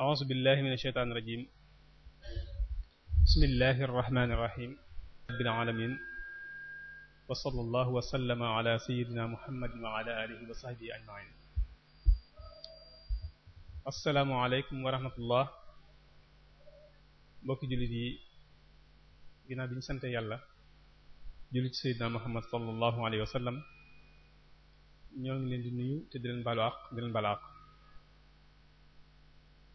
أعوذ بالله من الشيطان الرجيم بسم الله الرحمن الرحيم رب العالمين وصلى الله وسلم على سيدنا محمد وعلى آله وصحبه أجمعين assalaamu aleykum wa rahmatullah mbokki jullit yi ginnaaw bi ñu sant yàlla jullit ci Seydina Muhammad sallallahu alayhi wa sallam ñoo ngi leen di nuyu te di leen baalu àq di leen baalu àq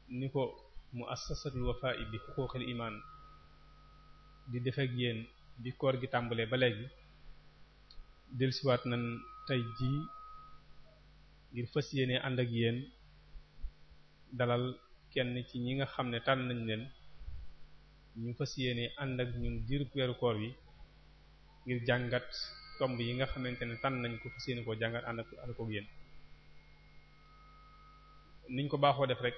ni ko muassasatul wafa'i bi huquqil iman di def ak yéen bi koor gi tàmbalee ba léegi dellusiwaat nan tey jii ngir fas yéene ànd ak yéen dalal kenn ci ñi nga xam ne tànn nañ leen ñu fas yéene ànd ak ñun diirub weeru koor yi ngir jàngat tomb yi nga xamante ne tànn nañ ko fas yéene koo jàngat ànd ak ànd koog yéen niñ ko baaxoo def rek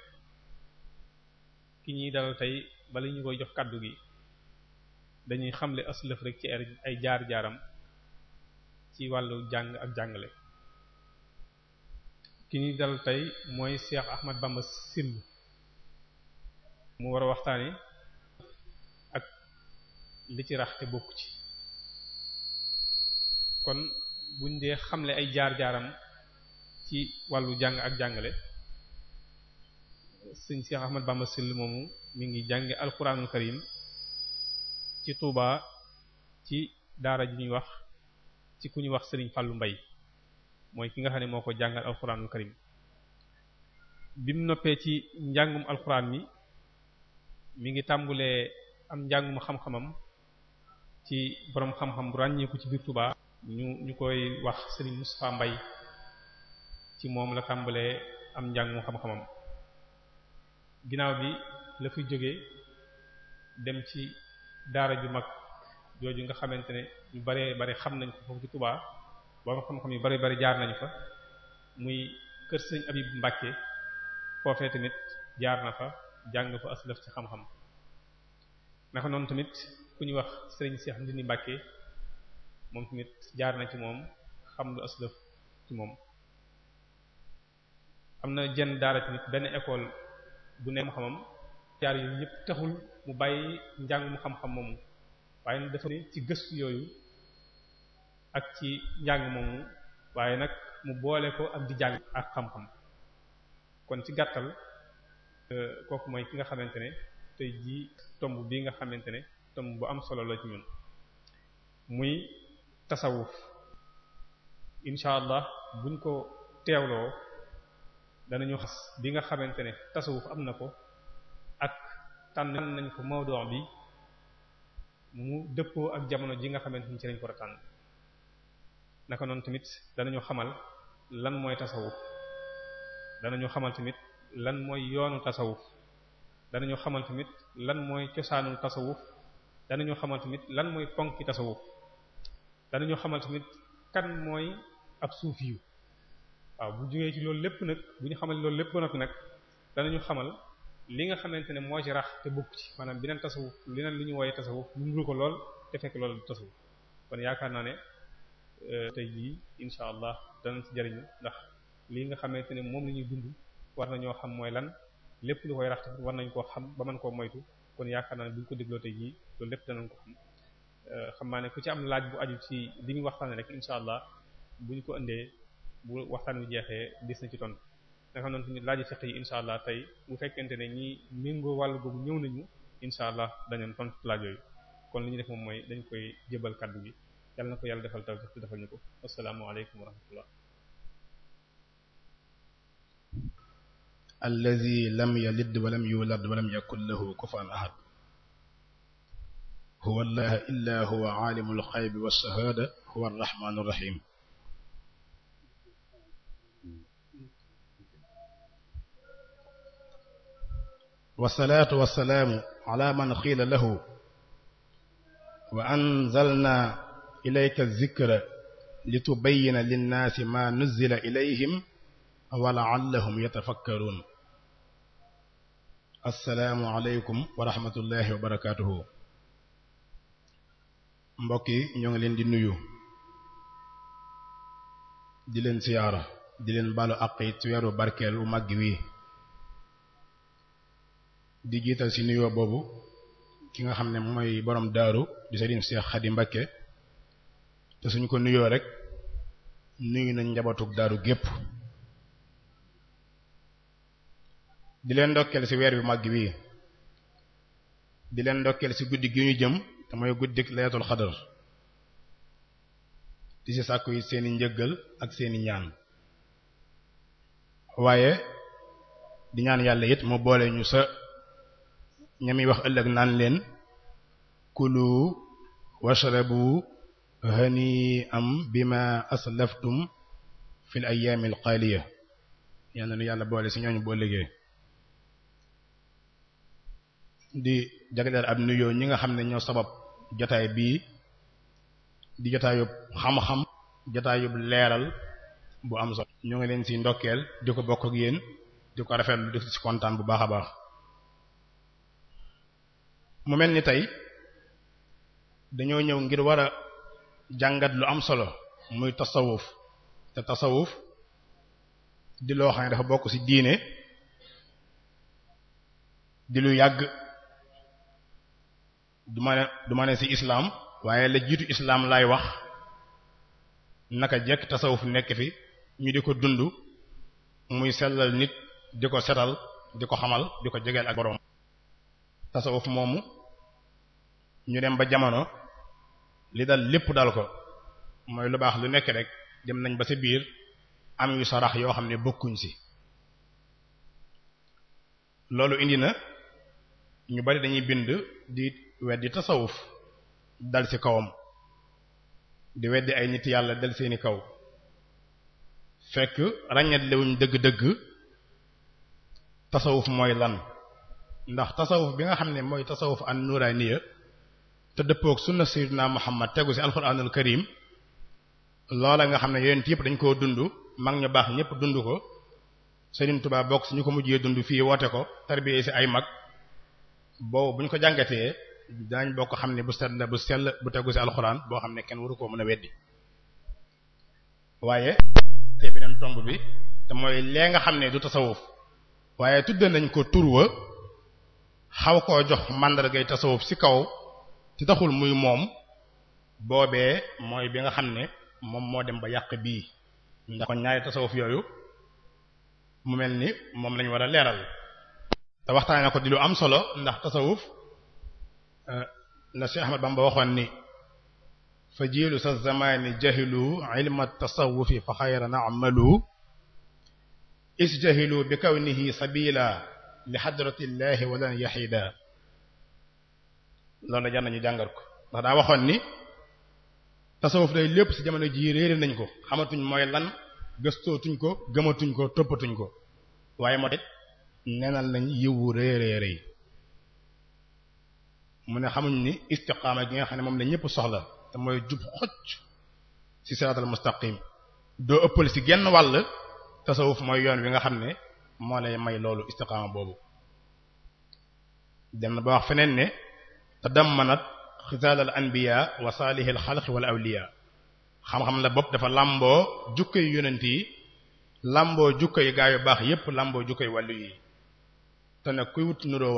ki ñuy dalal tey bala ñu koy jox kàddu gi dañuy xamle aslëf rek ci ay jaar-jaaram ci wàllu jàng ak jàngale ki ñuy dalal tey mooy Cheikh Ahmad Bamba Sill mu war a waxtaane ak li ci rax te bokk ci kon buñ dee xamle ay jaar-jaaram ci wàllu jàng ak jàngale sëñ Cheikh Ahmad Bamba sil moomu mi ngi jànge alquranul karim ci Touba ci daara ji ñuy wax ci ku ñuy wax Serigne Fallou Mbaye mooy ki nga xam ne moo ko jàngal alquranul karim bi mu noppee ci njàngum alquran mi mi ngi tàmbulee am njàngum xam-xamam ci borom xam-xam ràññeeku ci biir Touba ñu ñu koy wax Serigne Moustapha Mbaye ci moom la tàmbalee am njàngum xam-xamam ginnaaw bi la fi jógee dem ci daara ju mag jooju nga xamante ne ñu bare bare xam nañ ko foofu ci Touba borom xam-xam yu bare bare jaar nañu fa muy kër sëñ Abib Mbacke foofee tamit jaar na fa jàng fa aslaf ci xam-xam naka noonu tamit ku ñu wax sëriñ Cheikh Ndindi Mbacke moom tamit jaar na ci moom xam lu aslaf ci moom am na jenn daara tamit benn école bu ne mu xamam caar yooyu yëpp taxul mu bàyyi njàng mu xam-xam moomu waaye nag dafa ne ci gëstu yooyu ak ci njàng moomu waaye nag mu boole ko ak di jàng ak xam-xam kon ci gàttal euh, kooku mooy ki nga xamante ne tey jii tomb bii nga xamante ne tomb bu am solo la ñun muy tasawuf incha allah buñ ko teewloo danañu xas bi nga xamante ne tasawuf am na ko ak tànn nañ ko mawduu bi mu dëppoo ak jamono ji nga xamante ni ci lañ ko tànn naka noonu tamit danañu xamal lan mooy tasawuf danañu xamal tamit lan mooy yoonu tasawuf danañu xamal tamit lan mooy cosaanu tasawuf danañu xamal tamit lan mooy ponk ponki tasawuf danañu xamal tamit kan mooy ab suuf yi waaw bu jógee ci loolu lépp nag bu ñu xamal loolu lépp ba noppi nag danañu xamal li nga xamante ne moo ci rax te bokk ci beneen tasawuf leneen li ñu wooye tasawuf ñu nuru ko lool te fekk loolu kon yaakaar naa ne euh, tey jii insha allah danañ ci jariñu ndax li nga xamante ne moom la ñuy dund war nañoo xam mooy lan lépp lu koy rax war nañ koo xam ba mën koo moytu kon yaakaar naa ne bu ñu ko dégloo te jii loolu lépp danañ ko xam euh, xam naa ne ku ci am laaj bu aju ci li ñu waxtaane rek insha allah bu ñu ko indee bu waxtaan wi jeexee dis na ci tontu nga xam laaj fiqh yi incha allah tey bu fekkente ne ñi méngoo wàll googu ñëw nañu incha allah dañu tontu laaj yooyu kon li ñu def moom mooy dañ koy jébal kàddu gi yàlla na ko yàlla defal taw te defal ñu ko asalaamualeykum wa rahmatullah allazi lam yalid wa lam yulad wa lam yakun lahu kufuwan ahad huwa allah illa huwa alimul ghaybi was shahada huwa arrahmanur rahim wasalaatu wasalaamu ala man xiila lahu wa anzalna ilayka zikra litubayyina linnaasi ma nuzzila ilayhim wa la'allahum yatafakkaruun assalaamu aleykum wa rahmatullahi wa barakaatuhu mbokk yi ñoo ngi leen di nuyu di leen siyaara di leen baalu àq yi ci weeru barkeel wu màgg wi di jiital ci nuyoo boobu ki nga xam ne mooy boroom daaru di Serigne Cheikh Khady Mbacké te suñ ko nuyoo rek nuyu na njabootug daaru gépp di leen ndokkeel ci weer bi màgg wii di leen ndokkeel ci guddi gi ñu jëm te mooy guddik laylatul xadar di ci sàkku yi seeni njëggal ak seeni ñaan waaye di ñaan yàlla it mu boole ñu sa ñami wax ëllëg naan leen kulu washrabu hani am bima aslaftum fil ayyaami alxaaliya yal nu yàlla boole si ñooñu boo liggéey di jagleel ab nuyoo ñi nga xam ne ñoo sabab jotaay bii di jotaayub xam-xam jotaayub leeral bu am solo ñoo ngi leen si ndokkeel di ko bokk ak di ko rafetlu di ci kontaan bu baax a baax mu mel ni tey dañoo ñëw ngir war a jàngat lu am solo muy tasawuf te tasawuf di loo xam ne dafa bokk ci diine di lu yàgg du ma ne du ma ne ci islaam waaye la jiitu islaam laay wax naka jekk tasawuf nekk fi ñu di ko dund muy sellal nit di ko setal di ko xamal di ko jegeel ak boroom tasawuf moomu ñu dem ba jamono li dal lépp dal ko mooy lu baax lu nekk rek dem nañ ba sa biir am yu sarax yoo xam ne bokkuñ ci loolu indi na ñu bari dañuy bind di weddi tasawuf dal ci kawam di weddi ay nit yàlla dal seeni kaw fekk ràññetlewuñ dëgg-dëgg tasawuf mooy lan ndax tasawuf bi nga xam ne mooy tasawuf an nuraniya te dëppook sunna sayyidina Muhammad tegu ci alxuraanul karim loola nga xam ne yonent yëpp dañ koo dund mag ñu baax ñëpp dund ko Serigne Touba bokk ci ñu ko mujjee dund fii woote ko tarbiye ci ay mag boobu buñ ko jàngatee daañ bokk xam ne bu set bu sell bu tegu ci alxuraan boo xam ne kenn waru koo mën a weddi waaye te beneen tomb bi te mooy lee nga xam ne du tasawuf waaye tudde nañ ko turwa xaw koo jox màndargay tasawuf ci kaw te taxul muy moom boobee mooy bi nga xam ne moom moo dem ba yàq bii ndax kon ñaari tasawuf yooyu mu mel ni moom lañ war a leeral te waxtaane ko di lu am solo ndax tasawuf eh, la Cheikh Ahmad ba waxoon ni fa jiilu sa zamani jahilu ilma tasawufi fa xayra na'malu is jahilu bi kawnihi sabila li xadratillahi walan yaxida loolu da jar nañu jàngat ko ndax daa waxoon ni tasawuf day lépp ci jamono jii réere nañ ko xamatuñ mooy lan gëstootuñ ko gëmatuñ ko toppatuñ ko waaye moo tax nenal nañ yiwu réeréer yi mu ne xamuñ ni istiqaama gi nga xam ne moom la ñëpp soxla te mooy jub xocc ci siraatal mustaqim doo ëppal ci genn wàll tasawuf mooy yoon wi nga xam ne moo lay may loolu istiqaama boobu dem na ba wax feneen ne tadammanat xisaal al anbiya wa saalihi al xalq wal awliya xam-xam la bopp dafa làmboo jukko yu yonent yi làmboo jukko yu gaa yu baax yépp làmboo jukko yu wàllu yi te nag kuy wut nuroo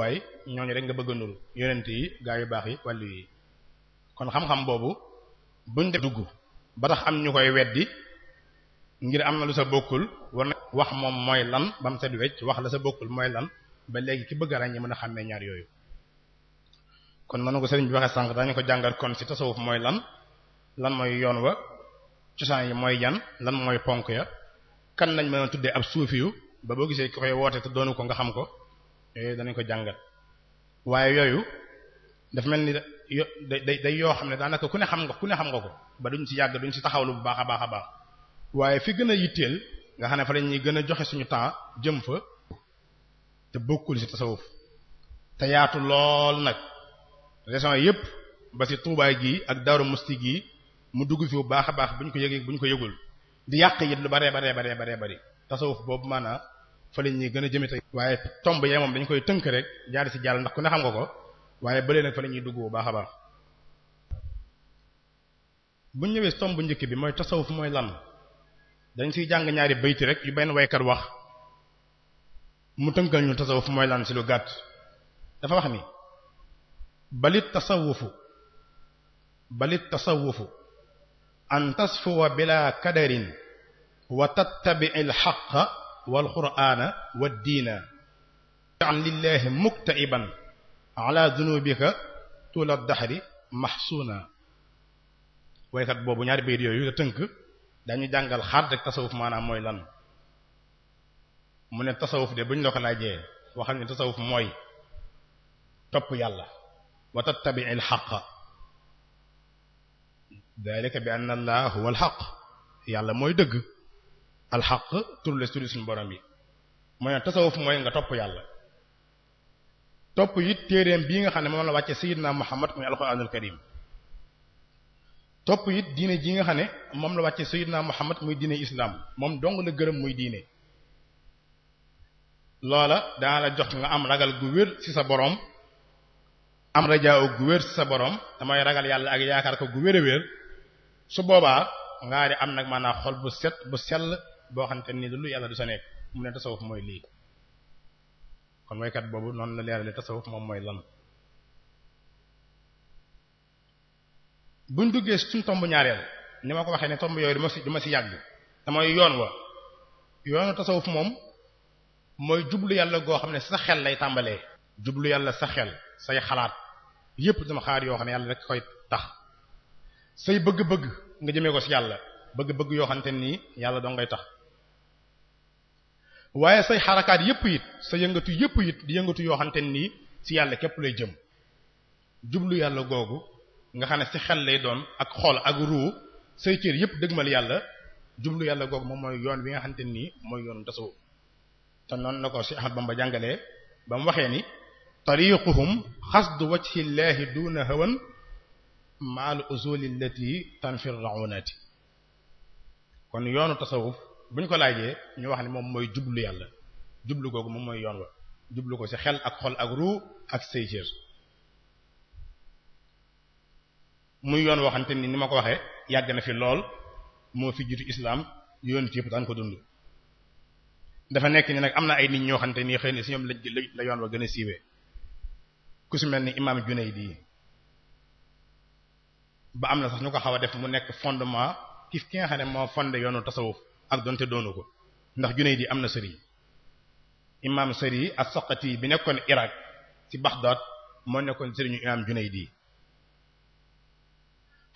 ñooñu rek nga bëgg a nuru yonent yi gaa yu baax yi wàllu yi kon xam-xam boobu buñ def dugg ba tax am ñu koy weddi ngir am na lu sa bokkul war wax moom mooy lan ba mu set wecc wax la sa bokkul mooy lan ba léegi ki bëgg a ràññee mën a xàmmee ñaar yooyu kon nanu ko sëriñ bi waxee sànq dañu ko jàngal kon ci tasawuf mooy lan lan mooy yoon wa cosaan yi mooy yan lan mooy ponk ya kan lañ mën a tuddee ab suufiyu ba boo gisee ki koy woote doonu ko nga xam ko danañ ko jàngat waaye yooyu dafa mel ni day day yoo xam ne daanaka ku ne xam nga ku ne xam nga ko ba duñ ci yàgg duñ taxaw lu bu baax a baax a baax waaye fi gën a yitteel nga xam ne fa lañuy gën a joxe suñu temps jëm fa te bokkul ci tasawuf te yaatu lool nag régions yépp ba ci tuubaay gii ak Daaru Musti gi mu dugg fi bu baax a baax bu ñu ko yëgee bu ñu ko yëgul di yàq yit lu bare baree baree baree bari tasawuf boobu maanaam fa lañ ñuy gën a jëme tey waaye tomb yee moom dañ koy tënk rek jaari ci jàll ndax ku ne xam nga ko waaye bële nag fa la ñuy dugg bu baax a baax bu ñëwee tomb njëkk bi mooy tasawuf mooy lan dañ siy jàng ñaari bayti rek yu benn waykat wax mu tënkal ñu tasawuf mooy lan si lu gàtt dafa wax ni balit tasawufu balit tasawufu an tasfuwa bila kadarin wa tattabi'i alxaqa wal qur'aana wad diina an lillahi mukta'iban ala dunubika tula dahri mahsuna waykat boobu ñaari bayt yooyu la tënk dañu jàngal xaat rek tasawuf maanaam mooy lan mu ne tasawuf de bañ la ko laajee waxal ne tasawuf mooy topp yàlla wa tattabi al xaq dalika bi anna allah huwa al yàlla mooy dëgg alxaq xaq turle turi borom yi mu ne tasawuf mooy nga topp yàlla topp it téereem bii nga xam ne moom la wàcce sayyidina muhammad muy alquranul karim topp it diine ji nga xam ne moom la wàcce sayyidna Muhammad muy diine islam moom dong la gërëm muy diine loola daa la jox nga am ragal gu wér ci sa boroom am rajaaw gu wér ci sa borom damay ragal yàlla ak yaakaar ko gu wér wér su boobaa ngaa di am nag naa xol bu set bu sell boo xam te ni lu yàlla du sa nekk mu ne tasawuf mooy lii kon waykat boobu noonu la leerale tasawuf moom mooy lan buñ duggee suñu tomb ñaareel ni ma ko waxee ne tomb yooyu dama si dama si yàgg damay yoon wa yoonu tasawuf moom mooy jublu yàlla goo xam ne sa xel lay tàmbalee jublu yàlla sa xel say xalaat yépp dama xalaat yoo xam ne yàlla rek koy tax say bëgg-bëgg nga jëmee ko ci yàlla bëgg-bëgg yoo xamante nii yàlla doo ngay tax waaye say xarakaat yépp it sa yëngatu yépp it di yëngatu yoo xamante nii ci yàlla képp lay jëm jublu yàlla googu nga xam ne si xel lay doon ak xol ak ruu say cër yëpp dëgmal yàlla jublu yàlla googu moom mooy yoon bi nga ne nii mooy yoonu tasawuf te noon la ko Cheikh Ahmad Bamba jàngalee ba mu waxee ni tariquhum xasdu wajhi llahi duna hawan maal usuli allati tanfir raunati kon yoonu tasawuf buñ ko laajee ñu wax ne moom mooy jublu yàlla jublu googu moom mooy yoon wa jublu ko si xel ak xol ak ruu ak say cër muy yoon waxante ni ni ma ko waxee yàgg na fi lool moo fi jiitu islaam yoon ci yëpp daan ko dund. dafa nekk ni nag am na ay nit ñoo xamante ni xëy na si ñoom lañ la yoon wa gën a siiwee ku si mel ni imaam Junayd ba am na sax ñu ko xaw a def mu nekk fondement ki ki nga xam moo fondé yoonu tasawuf ak donte doonu ko ndax Junayd am na sëriñ imaam sëriñ ak saqati bi nekkoon Irak ci Baghdad moo nekkoon sëriñu imaam Junayd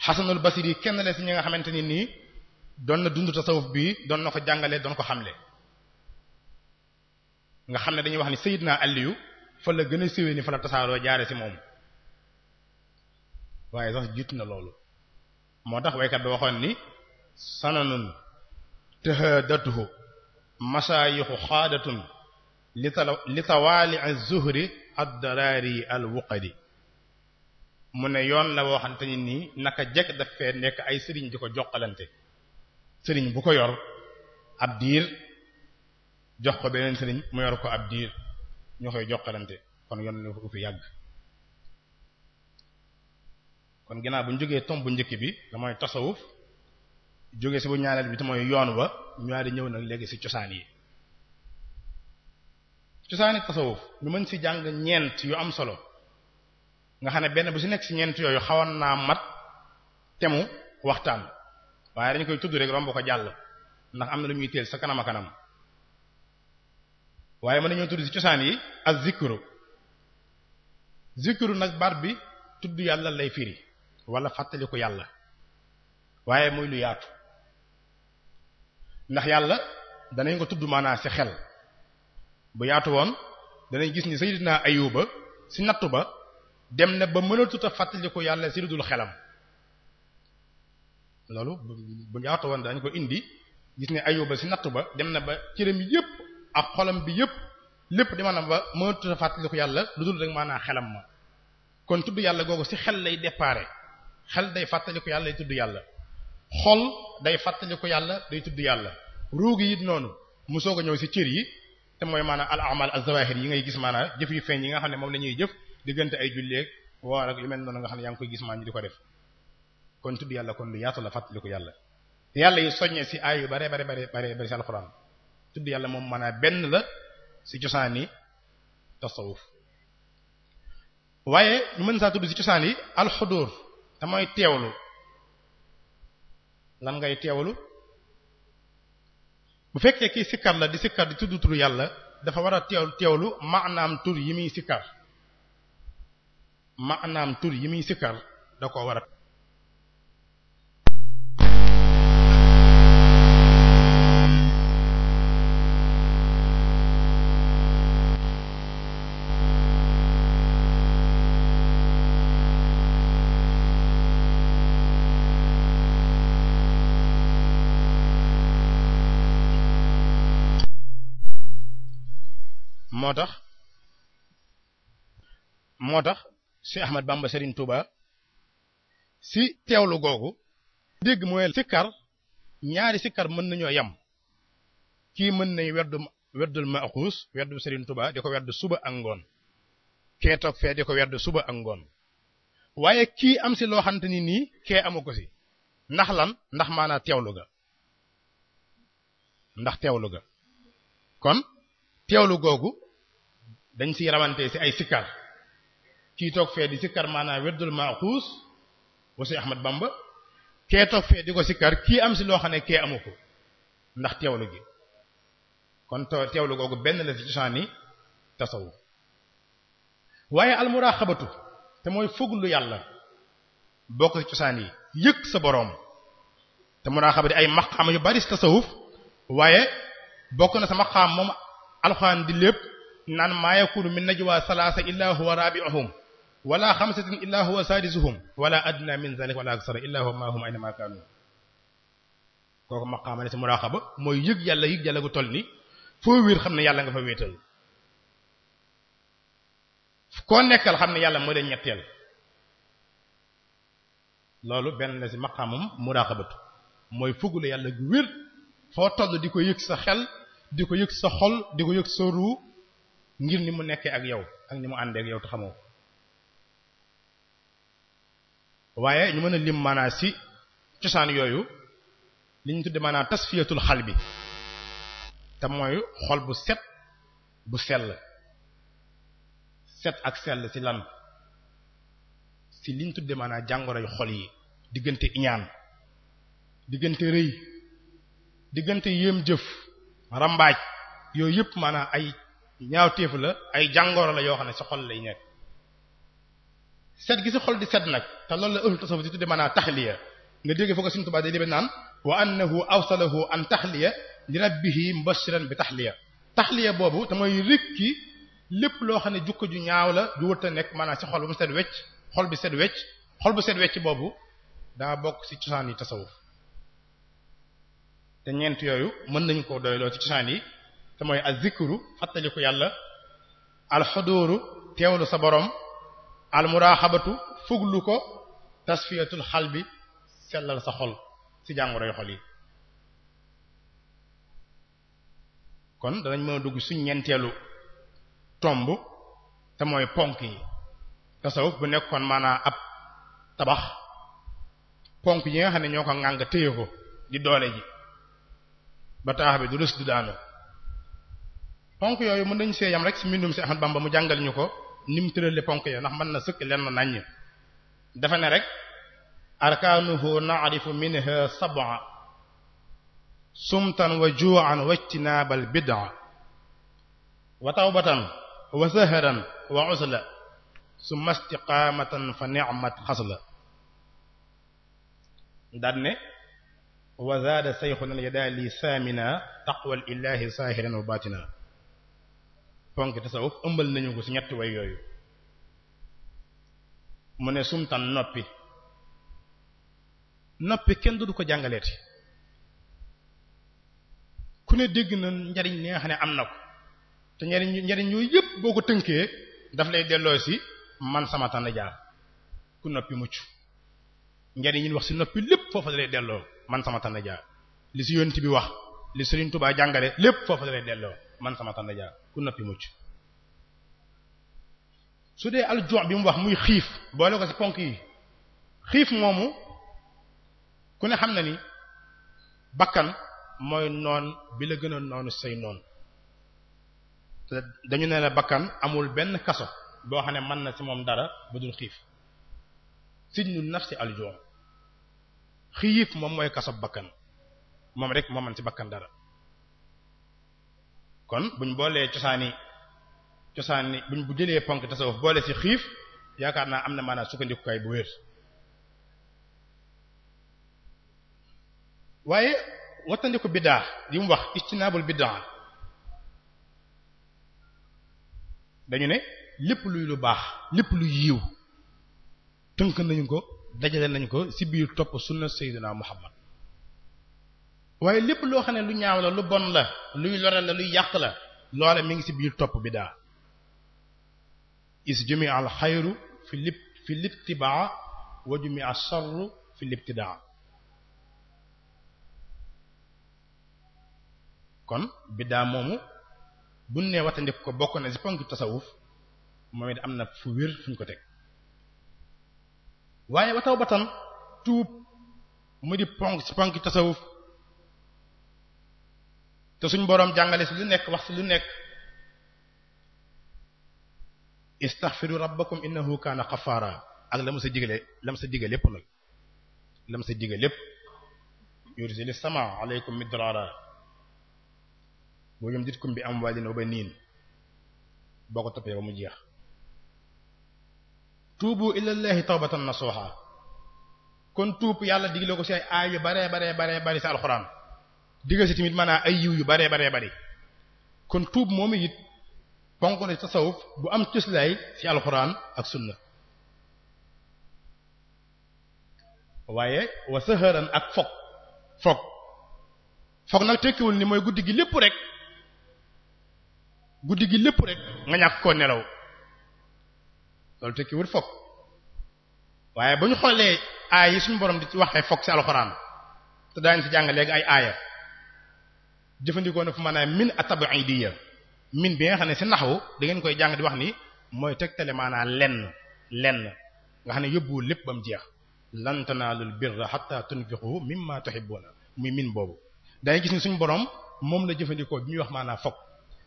xasanul basiri kenn la ci ñi nga xamante ni nii doon na dund tasawuf bi doon na ko jàngale doon ko xamle nga xam ne dañuy wax ni Seydina Aliyu fa la gën a siwee ni fa la tasaaroo jaare ci moom waaye sax jiit na loolu moo tax waykat bi waxoon ni sananun tëhëdatuhu masayixu xaadatun li tawaali az-zuhri ad-daraari al-wuqadi mu ne yoon la woo ni nii naka jekk daf fee nekk ay sëriñ di ko joxalante sëriñ bu ko yor ab diir jox ko beneen sëriñ mu yor ko ab diir ñoo koy joxalante kon yoon la ko fi yàgg kon ginnaaw bu ñu jógee tomb bu njëkk bi da mooy tasawuf jógee si bu ñaareel bi te yoon wa ñuwaa di ñëw nag léegi si cosaan yi cosaani tasawuf ñu mën ci jàng ñeent yu am solo nga xam ne benn bu ci nekk ci ñeent yooyu xawoon naa mat temu waxtaan waaye dañ koy tudd rek romb ko jàll ndax am na lu ñuy teel sa kanam a kanam waaye mën nañoo tudd ci cosaan yi ak zikru zikru nag baat bi tudd yàlla lay firi wala fàttaliku yàlla waaye muy lu yaatu ndax yàlla danañ ko tudd maanaa ci xel bu yaatu woon danañ gis ni sayyidina Ayuba ci nattu ba dem na ba mënatut a ko yàlla si lu dul xelam loolu bu ñu woon dañ ko indi gis ne ayuba si nattu ba dem na ba cëram yépp ak xolam bi yépp lépp di maanaam ba mënatut a fàttaliku yàlla lu dul rek maanaam xelam ma kon tudd yàlla googu si xel lay déparé xel day fàttaliku yàlla day tudd yàlla xol day fàttaliku yàlla day tudd yàlla ruugi it noonu mu soog a ñëw si cër yi te mooy maanaam al amal az yi ngay gis maanaam jëf yu feeñ yi nga xam ne moom la ñuy jëf diggante ay julleeg woor ak yu mel noonu nga xam ne yaa ngi koy gis maa ñu di ko def kon tudd yàlla kon lu yaatu la fàttaliku yàlla yàlla yu soññee si aay yu bare bare bare bare bare si alxuraan tudd yàlla moom maanaam benn la si cosaan yi tasawuf waaye ñu mën saa tudd si cosaan yi alxudur te mooy teewlu lan ngay teewlu bu fekkee kii sikkar la di sikkar di tudd turu yàlla dafa war a teewlu teewlu maanaam tur yi muy sikkar maanaam tur yi mu sikkar da ko war a moo tax moo tax Cheikh Ahmad Bamba Serigne Touba si teewlu googu dégg mooy sikkar ñaari sikkar mën nañoo yem kii mën nañ weddu weddul maaxuus weddu Serigne Touba di ko weddu suba ak ngoon kee toog fee di ko weddu suba ak ngoon waaye kii am si loo xamante ni nii kee amu ko si ndax lan ndax maanaa teewlu ga ndax teewlu ga kon teewlu googu dañ ci rawante ci ay sikkar kii toog fee di sikkar maanaam weddul maaxuus wasi Ahmad Bamba kee toog fee di ko sikkar kii am si loo xam ne kee amu ko ndax teewlu gi kon teewlu googu benn la ci cosaani tasawuf mooy foglu yàlla bokk cosaan yi yëg sa boroom te muraaxabati ay maqaam yu bari si tasawuf waaye bokk na sa maqaam moom alxuraan di lépp naan maa yakunu min najwa salaasa illaa huwa raabi'uhum walaa xamsatin illa huwa saadisuhum wala adna min zalik wala aksara illa huwa maahum ayna ma kaanu kooku maqaama ne si muraaxaba mooy yëg yàlla yëg yàlla ko toll ni foo wér xam ne yàlla nga fa wéetal koo nekkal xam ne yàlla moo dee ñetteel loolu benn la si maqaamam muraaxabatu mooy fugule yàlla gu wér foo toll di ko yëg sa xel di ko yëg sa xol di ko yëg sa ruu ngir ni mu nekkee ak yow ak ni mu àndee ak yow te xamoo waaye ñu mën a lim manaa si cosaan yooyu li ñu tudde maanaa tasfiyatul xal bi te mooy xol bu set bu sell set ak sell ci lan ci li ñu manaa maanaa jàngoroy xol yi diggante iñaan diggante rëy diggante yéem jëf rambaaj yooyu yëpp maanaa ay ñaawteef la ay jàngoro la yoo xam ne ci xol lay nekk set gi si xol di set nag te loolu la ëllu tasawuf di tudde maanaam taxliya nga dégg foo a Sëriñ Tuubaa day deme naan wa annahu awsalahu an taxliya li ci mubashiran bi taxliya taxliya boobu te mooy rikki lépp loo xam ne jukko ju ñaaw la ju wërta nekk maanaam ci xol bu mu set wecc xol bi set wecc xol bu set wecc boobu daa bokk si cosaan yi tasawuf te ñeent yooyu mën nañu ko doyloo ci cosaan yi te mooy az-zikru fàttaliku yàlla al-huduru teewlu sa borom almuraaxabatu fuglu ko tasfiyatul bi sellal sa xol ci jàngoroy xol yi kon danañ mën a dugg suñ ñenteelu tomb te mooy ponk yi tasawuf bu nekkoon maanaa ab tabax ponk yi nga xam ne ñoo ko ŋàng téye ko di doole ji ba taax bi du rës du daanu ponk yooyu mën nañ see yam rek ci mbindum ci Ahmad Bamba mu jàngal ñu ko ni mu tëralee ponk ya ndax mën na sëkk lenn naññ dafa ne rek arkaanuhu na'rifu minha sab'a sumtan wa ju'an wa ijtinaabal bid'a wa tawbatan wa sahran wa usla summa istiqaamatan fa ni'mat xasla daan ne wa zaada sayxuna al-yadaali saamina taqwal illaahi saahiran wa baatina ponki tasawuf ëmbal nañu ko ci ñetti way yooyu mu ne sumtan noppi noppi kenn du ko jàngaleeti ku ne dégg na njariñ li nga xam ne am na ko te njariñ njariñ yooyu yëpp boo ko tënkee daf lay delloo si man sama tànn jaar ku noppi mucc njariñ yi ñu wax ci noppi lépp foofa lay delloo man sama tànn jaar li ci yonent bi wax li Serigne Touba jàngale lépp foofa lay delloo man sama tàndajaar ku noppi mucc su dee aljuux bi mu wax muy xiif boole ko ci ponk yi xiif moomu ku ne xam na ni bakkan mooy noon bi la gën a noonu say noon dañu ne la bakkan amul benn kaso boo xam ne mën na ci moom dara bu dul xiif sijnu nafsi aljuux xiif moom mooy kaso bakkan moom rek moo mën ci bakkan dara kon buñ boolee cosaani cosaani buñ bu jëlee ponk tasawuf boole ci xiif yaakaar naa am na maanaam sukkandikukaay bu wér waaye wattandiku biddaa yi wax istinaabul biddaa dañu ne lépp luy lu baax lépp lu yiw tënk nañu ko dajale nañu ko ci biir topp sunna sayyidina Muhammad waaye lépp loo xam ne lu ñaaw la lu bon la luy lore la luy yàq la loola mi ngi ci biir topp bidaa is jumi al xayru fi lib fi libtibaa wa jumi al sharru fi libtidaa kon biddaa moomu bu ne watandik ko bokk na ci ponk tasawuf moom it am na fu wér fu ñu ko teg waaye wataw batan tuub mu di ponk ci ponk tasawuf te suñ boroom jàngale si lu nekk wax si lu nekk istaghfiru rabbakum innahu kaana ghafaara ak la mu sa digale la mu sa digal lépp nag la mu sa digal lépp yursilu samaa alaykum midraara wa yumditkum bi amwaalin wa baniin boo ko toppee ba mu jeex tuubu ilallahi tawbatan nasuha kon tuub yàlla digle ko ci ay aay yu bare bare bare bare ci alxuraan digal si tamit maanaam ay yiw yu bare bare bari kon tuub moom it ponk na tasawuf bu am cëslaay ci alxuraan ak sunna waaye wa saharan ak fog fog fog nag tekkiwul ni mooy guddi gi lépp rek guddi gi lépp rek nga ñàkk koo nelaw loolu tekkiwul fog waaye ba ñu xoolee aay yi suñu borom di ci waxee fog ci alxuraan te daañu ci jàng léegi ay aaya jëfandikoo na fu maanaam min at-tab'idiyya min bi nga xam ne ci naxwu da ngeen koy jàng di wax ni mooy tegtale maanaam lenn lenn nga xam ne yóbbuwul lépp ba mu jeex lan tanaalul birra hatta tunfiqu mimma tuhibbuna muy min boobu dangay gis ni suñu borom moom la jëfandikoo bi ñuy wax maanaa foog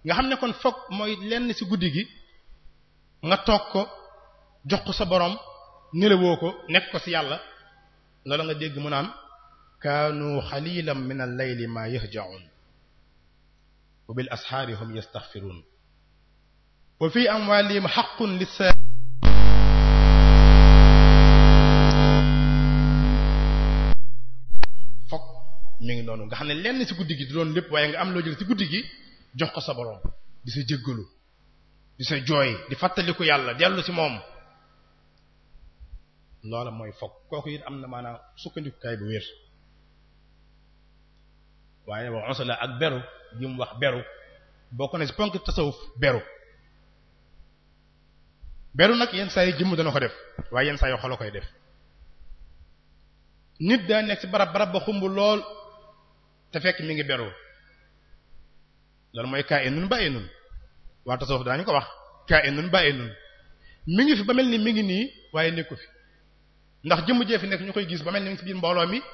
nga xam ne kon foog mooy lenn ci guddi gi nga toog ko jox ko sa borom nelawoo ko nekk ko ci yàlla loolu nga dégg mu naan kaanu xalilan min al-layli ma yahja'un wa bil asxaari hum yastaxfiruun wa fi amwaalihim xaqun lissa fokk mi ngi noonu nga xam ne lenn ci guddi gi lépp waaye nga am loo jël ci guddi gi jox ko sa borom di sa jéggalu di sa jooy di fàttaliku yàlla dellu si moom loola mooy fokk kooku it am na maanaam sukkandikukaay bu wér waaye wa onsala ak beru bi wax beru bokk na ci ponk tasawuf beru beru nag yenn saa yi jëmm dana ko def waaye yenn saa yoo xol koy def nit daa nekk ci barab barab ba xumb lool te fekk mi ngi beru loolu mooy kaa inun ba inun waa tasawuf daañu ko wax kaa inun ba inun mi ngi fi ba mel ni mi ngi nii waaye nekku fi ndax jëm jee fi nekk ñu koy gis ba mel ni mi ngi biir mbooloo mi bu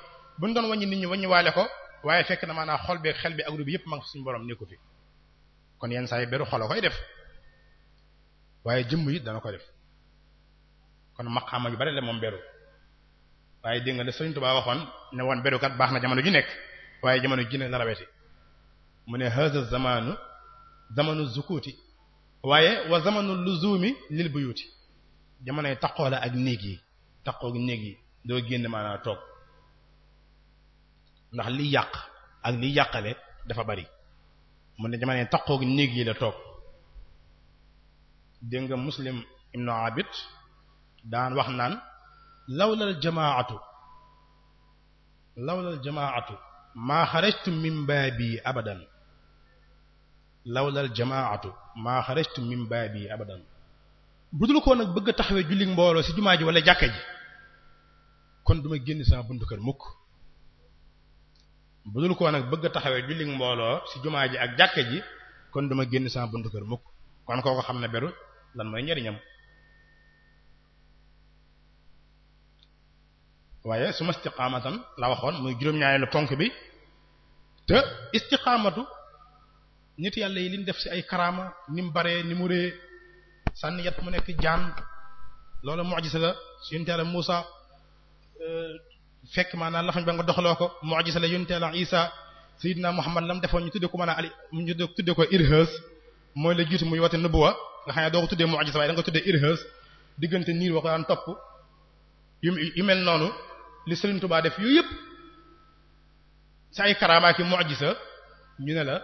buñ doon waññi nit ñi waññi waale ko waaye fekk na maanaam xol beeg xel bi ak rubi yëpp ma nga suñu borom ko fi kon yenn saa yi beru xol koy def waaye jëmm yi dana ko def kon maqaama yu bari la moom beru waaye dégg nga def la Sëriñ Tuubaa waxoon ne woon berukat baax na jamono ju nekk waaye jamono ji ne la raweti mu ne haza zamanu zamanu zukuti waaye wa zamanu luzumi lil buyuti jamonoy taqoo la ak néeg yi taqoo néeg yi doo génn maanaam toog ndax li yàq ak li yàqale dafa bari mu na jamono taqoog néeg yi la toog dégg nga muslim ibnu abid daan wax naan lawlal jamaatu lawlal jamaatu maa xarajtu min baabi abadan lawlal jamaatu maa xarajtu min baabi abadan bu budul ko nag bëgga a taxawee julli mbooloo si jumaa ji walla jàkka ji kon duma génn sama buntu kër mukk bu dul koo nag bëgg a taxawee julli mbooloo ci jumaa ji ak jàkka ji kon duma génn sama buntu kër mukk kon kooko xam ne beru lan mooy njariñam waaye su ma istiqaamatan la waxoon muy juróom-ñaareelu ponk bi te istiqaamatu nit yàlla yi liñ def ci ay karaama ni mu baree ni mu ree sànni yat mu nekk jaan loolu mu'jiza la suñu teere Muusa fekk maanaam lafañ ba nga doxaloo ko mu'jiza la yonent Yàlla Isa sayyidina Muhammad lam defoon ñu tudde ko maanaam ali ñu tudde ko irhas mooy la jiitu muy wate nubuwa nga xam ne doo ko tuddee mu'jiza waaye da nga ko tuddee irhas diggante niir wa ko daan topp yu mel noonu li Serigne Touba def yooyu yëpp ci ay karama ki mu'jiza ñu ne la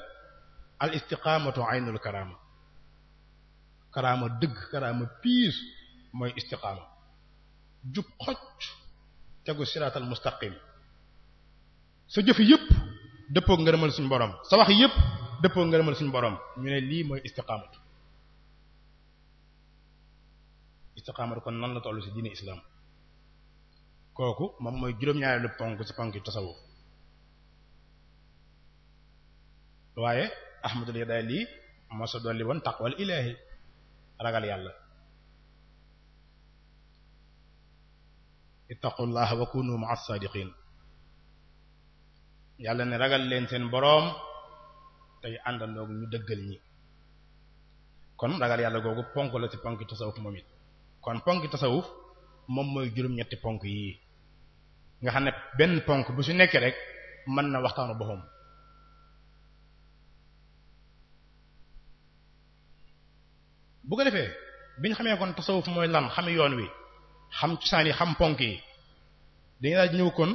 al istiqamatu aynul karama karama dëgg karama piir mooy istiqama jub xocc tegu siraatal mustaqim sa jëf yëpp dëppoo ngërëmal suñu borom sa wax yëpp dëppoo ngërëmal suñu borom ñu ne lii mooy istiqaamatu istiqaamatu kon nan la tollu ci diine islam kooku moom mooy juróom-ñaareelu ponk ci ponk yi tasawuf waaye ahmadul yadaay lii moo sa dolli woon taqwal ilaahi ragal yàlla ittaqullaha wa kunu ma'a as-sadiqin yàlla ne ragal leen seen boroom tey àndandoog ñu dëggal ñi kon ragal yàlla googu ponk la ci ponki tasawuf moom it kon ponki tasawuf moom mooy juróom-ñetti ponk yi nga xam ne benn ponk bu su nekkee rek mën na waxtaanu boppam bu ko defee biñ xamee kon tasawuf mooy lan xame yoon wi xam cosaan yi xam ponk yi dañu daal ñëw kon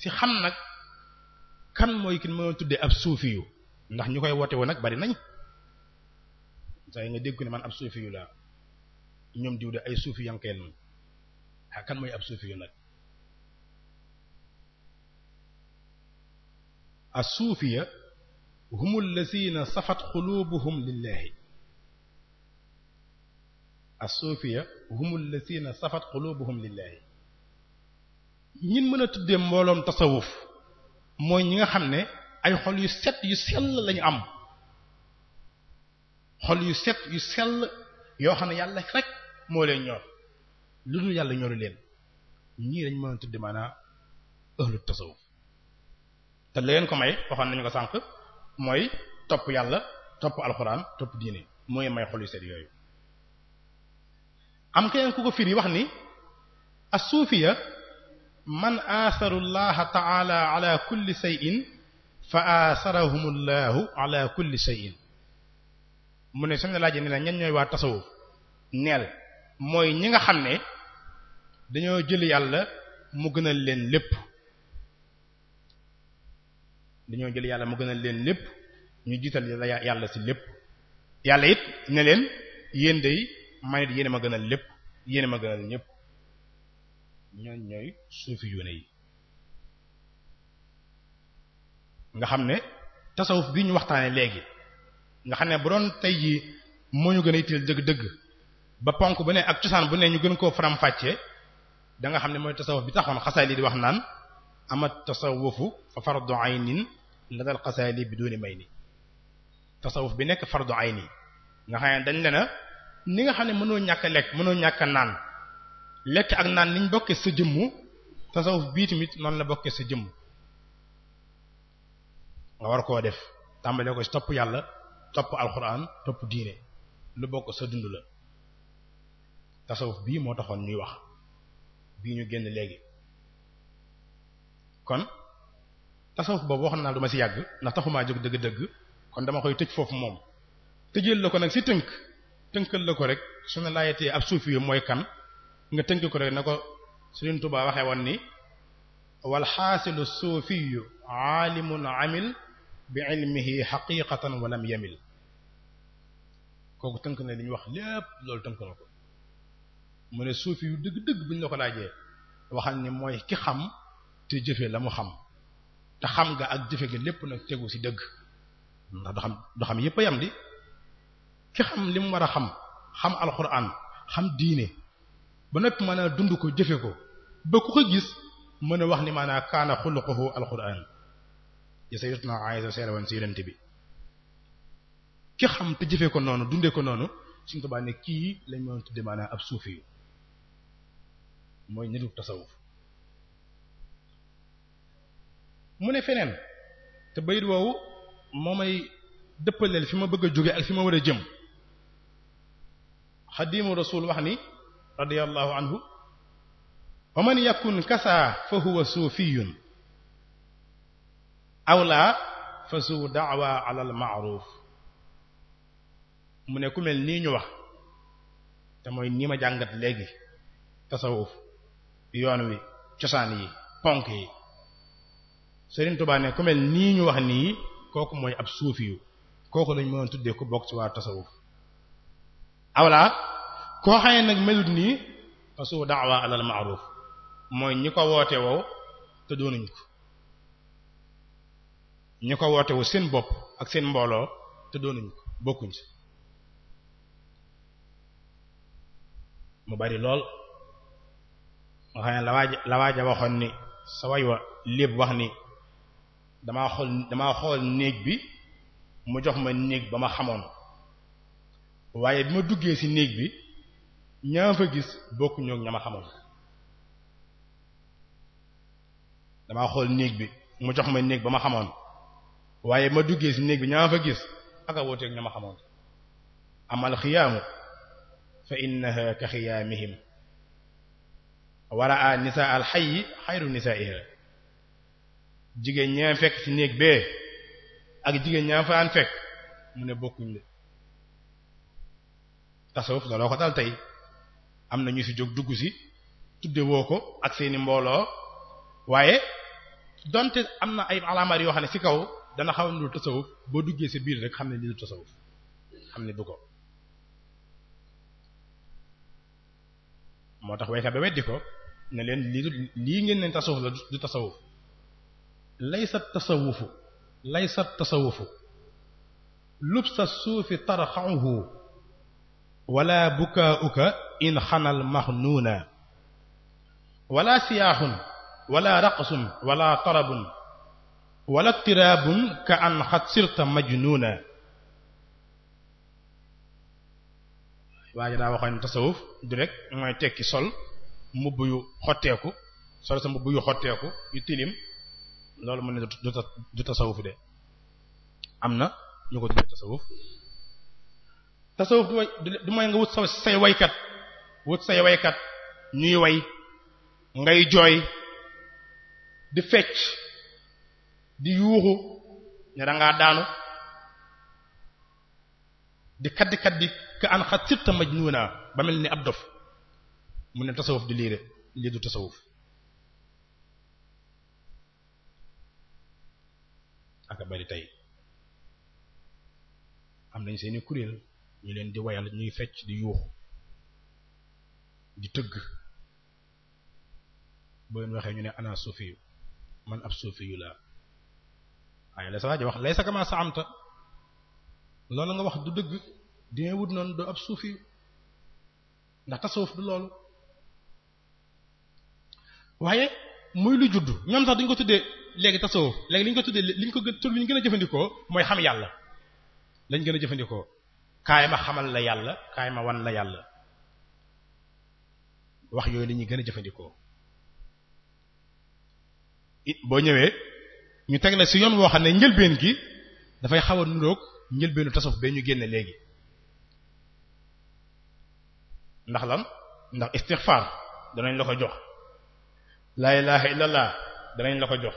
ci xam nag kan mooy ki ma tuddee ab suufiyu ndax ñu koy woote woon nag bari nañ saa nga dégg ko ne man ab suufiyu la ñoom diw de ay suufi yankeel man ah kan mooy ab suufiyu nag as-suufiya hum allazina safat qulubuhum lillahi humul lasiina safat qulubuhum lillahi ñin mën a tuddee mbooloom tasawuf mooy ñi nga xam ne ay xol yu set yu sell lañu am xol yu set yu sell yoo xam ne yàlla rek moo leen ñor lu dul yàlla ñoru leen ñii dañ mën a tuddee maanaam ahlu tasawuf te leen ko may waxoon nañu ko sànq mooy topp yàlla topp alxuraan topp diine mooy may xol yu set yooyu am keneen ku ko firi wax ni asuufiya man aasaru llaha taala ala kulli shay'in fa aasarahum llahu ala kulli shay'in mu ne suñu laajee ne la ñan ñooy waa tasawuf neel mooy ñi nga xam ne dañoo jël yàlla mu gënal leen lépp dañoo jël yàlla mu gënal leen lépp ñu jiital yàlla si lépp yàlla it ne leen yéen man it yéene ma gënal lépp yéene ma gënal ñëpp ñooñ ñooy suufi yóne yi nga xam ne tasawuf bi ñu waxtaane léegi nga xam ne bu doon tey jii moo ñu gën a itteel dëgg-dëgg ba ponk bu ne ak cosaan bu ne ñu gën koo faram-fàccee da xam ne mooy tasawuf bi taxoon xasaali di wax naan amat tasawufu fa fardu aynin la dal xasaali bi dooni may ni tasawuf bi nekk fardu ayni nga xam ne dañ leen ni nga xam ne mënoo ñàkk lekk mënoo ñàkk naan lekk ak naan niñ bokkee sa jëmm tasawuf bii tamit noonu la bokkee sa jëmm nga war koo def tàmbalee ko ci topp yàlla topp alxuraan topp diine lu bokk sa dund la tasawuf bii moo taxoon ñuy wax bii ñu génn léegi kon tasawuf boobu waxoon naa du ma ci yàgg ndax taxumaa jóg dëgg-dëgg kon dama koy tëj foofu moom tëjeel la ko nag ci tënk tënkal la ko rek su ne laayatee ab suufi yu mooy kan nga tënk ko rek na ko su Sëriñ Tuubaa waxee woon ni wal xaasilu suufiyu aalimun amil bi ilmihi xaqiqatan walam yamil kooku tënk na li ñu wax lépp loolu tënk na ko mu ne suufi yu dëgg-dëgg bu ñu la ko laajee waxal ni mooy ki xam te jëfe la mu xam te xam nga ak jëfe lépp nag tegu ci dëgg ndax du xam du xam yépp a yam di ki xam li mu war a xam xam alxuraan xam diine ba noppi maanaa dund ko jëfe ko ba ku ko gis mën a wax ni maanaa kaana xuluquhu alxuraan ya sayyidatuna Aisha seerewoon si yonent bi ki xam te jëfe ko noonu dunde ko noonu suñu tubaa ne kii lañ mën a tudde maanaa ab suufi mooy nitu tasawuf mu ne feneen te bayit woowu moo may dëppaleel fi ma bëgg a jóge ak fi ma war a jëm xadimu rasul wax ni radiyallahu anhu wa man yakun kasa fa huwa suufiyun aw laa fa su da'wa ala al mu ne ku nii ñu wax te mooy nii ma jàngat léegi tasawuf yoon wi cosaan yi ponk yi Serigne Touba ne ku mel nii ñu wax nii kooku mooy ab suufiyu kooku lañ mën a tuddee ku bokk ci waa tasawuf awla koo xamee nag melut nii fasu da'wa alal ma'ruf mooy ñi ko woote wow te doonuñ ko ñi ko woote wow seen bopp ak seen mbooloo te doonuñ ko bokkuñ ci mu bari lool nga xam ne la waaja la waxoon ni sa way wa lépp wax ni damaa xool damaa xool néeg bi mu jox ma néeg ba ma xamoon waaye bi ma duggee ci néeg bi ñaa fa gis bokkuñook ak ña ma xamoon damaa xool néeg bi mu jox ma néeg ba ma xamoon waaye bi ma duggee ci néeg bi ñaa fa gis ak a wooteeg ña ma xamoon amal xiyaamu fa innaha ka xiyaamihim wara a nisaa al xayyi xayru nisaa'iha jigéen ñaa fekk ci néeg bee ak jigéen ñaa fa fekk mu ne bokkuñ de tasawuf looloo ko dal tey am na ñu si jóg dugg si tudde woo ko ak seeni mbooloo waaye donte am na ay alamaar yoo xam ne si kaw dana xaw lu tasawuf boo duggee si biir rek xam ne lii tasawuf xam ne du ko moo tax waykat ba weddi ko ne leen lii lii ngeen ne tasawuf la du tasawuf laysa tasawufu laysa tasawufu lubsa suufi tarxahu wala bukaa'uka in xanal maxnuuna wala siyaaxun wala raqsun wala tarabun wala tiraabun ka an xat sirta majnuuna daa waxoon tasawuf du rek mooy tekki sol mbubb yu xotteeku sol sa mbubb yu xotteeku yu tilim loolu mu ne du tasawuf de am na ñu ko tudde tasawuf tasawuf du way du mooy nga wut sa say waykat wut say waykat ñuy way ngay jooy di fecc di yuuxu ne da daanu di kaddi kaddi ka an xat sirta majnuna ba mel ni ab dof mu ne tasawuf di lii de lii du tasawuf aka bari tey am nañ seeni kuréel ñu leen di wayal ñuy fecc di yuuxu di tëgg boo leen waxee ñu ne ana suufiyu man ab suufiyu laa waaye la sa waaja wax lay sa kama sa amta loolu nga wax du dëgg dina wut noonu doo ab suufiyu ndax tasawuf du loolu waaye muy lu judd ñoom sax duñ ko tuddee léegi tasawuf léegi liñ ko tuddee liñ ko gën tur bi gën a jëfandikoo mooy xam yàlla lañ gën a jëfandikoo kaay ma xamal la yàlla kaay ma wan la yàlla wax yooyu la ñuy gën a jëfandikoo boo ñëwee ñu teg la ci yoon woo xam ne njëlbeen gi dafay xaw a nuroog njëlbeenu tasawuf bee ñu génne léegi ndax lan ndax istighfar danañ la ko jox la ilaha illallah danañ la ko jox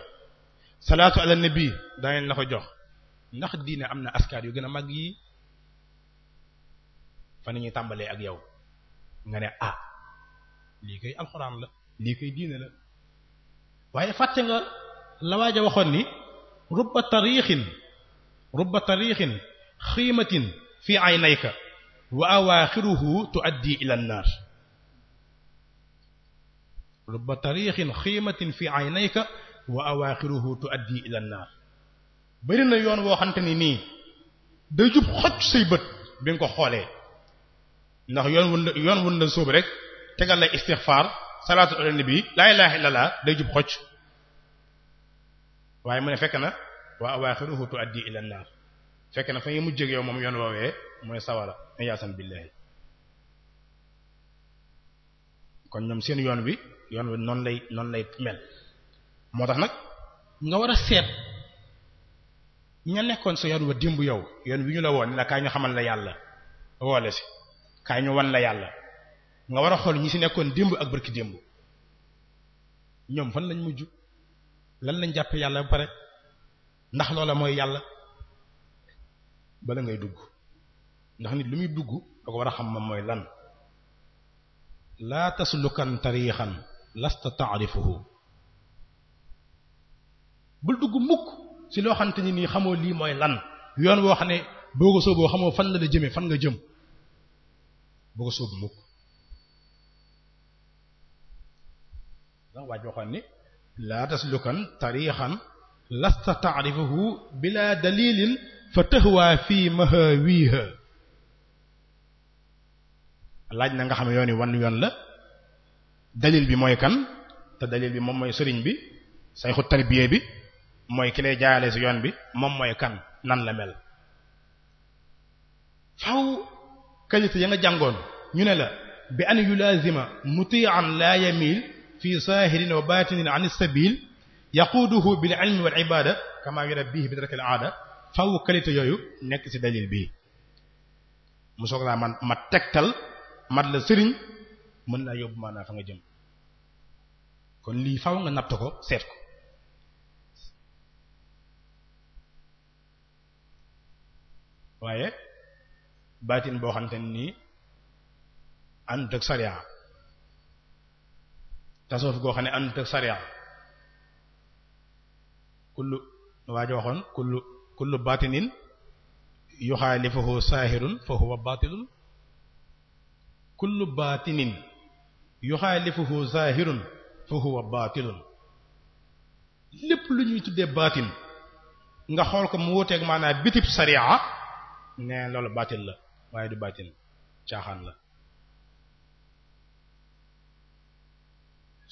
salaatu ala nabi danañ la ko jox ndax diine am na askar yu gën a mag yi fa nañuy tàmbalee ak yow nga ne ah lii koy alxuraan la lii koy diine la waaye fàtte nga la waaj a waxoon ni rubba tariixin rubba tariixin xiimatin fi aynayka wa awaaxiruhu tuaddi ila annaar rubba xiimatin fi aynayka wa awaaxiruhu tuaddi ila yoon woo xamante ni nii day jub xoj say bët bi nga ko xoolee ndax yoon wun la la sóobu rek tegal la istighfar salaatu ala nabi laa ilaha illallah day jub xocc waaye mu ne fekk na waa awaaxiruhu tuaddi ila naar fekk na fa ngi mujjeg yow moom yoon woowee mooy sawara ayaasan billahi kon ñoom seen yoon wi yoon wi noonu moo tax nag nga war a sa yoon wa yow yoon wi ñu la woon la kaay yàlla woole si kaay ñu wan la yàlla nga war a xool ñi fi nekkoon démb ak barki démb ñoom fan lañ mujj lan lañ jàppe yàlla ba pare ndax loola mooy yàlla bala ngay dugg ndax nit lu muy dugg da ko war a xam moom mooy lan laa taslukan tariixan lasta taarifuhu bul dugg mukk ci loo xam xamante ni nii xamoo lii mooy lan yoon woo xam ne boo ko sooboo xamoo fan la la jëmee fan nga jëm bu ko sóobu mukk ndax waaj waxoon ni laa taslukan tariixan lasta taarifuhu bila dalilin fa tahwa laaj na nga xam yoon yi wan yoon la dalil bi mooy kan te dalil bi moom mooy sëriñ bi sayxu tarbiye bi mooy ki lay si yoon bi moom mooy kan nan la mel qualité ya nga jàngoon ñu ne la bi an yulaazima muti'an la yamil fi zahirin wa batinin an as-sabil yaquduhu bil ilmi wal ibada kama yurabbihi bi tarkil faw qualité yooyu nekk ci dalil bii mu soog laa man ma tegtal mat la sëriñ naa laa yóbbu maanaa fa nga jëm kon lii faw nga natt ko seet ko baatin boo xamante ni ànd ak sariya tasawuf goo xam ne ànd ak sariya kullu waa waxoon kullu kullu baatinin yuxaalifuhu saahirun fa huwa baatilun kullu baatinin yuxaalifuhu huwa baatilun lépp lu ñuy tuddee baatin nga xool ko mu wuteeg maanaam bitib sariya nee loolu baatil la waaye du baatin caaxaan la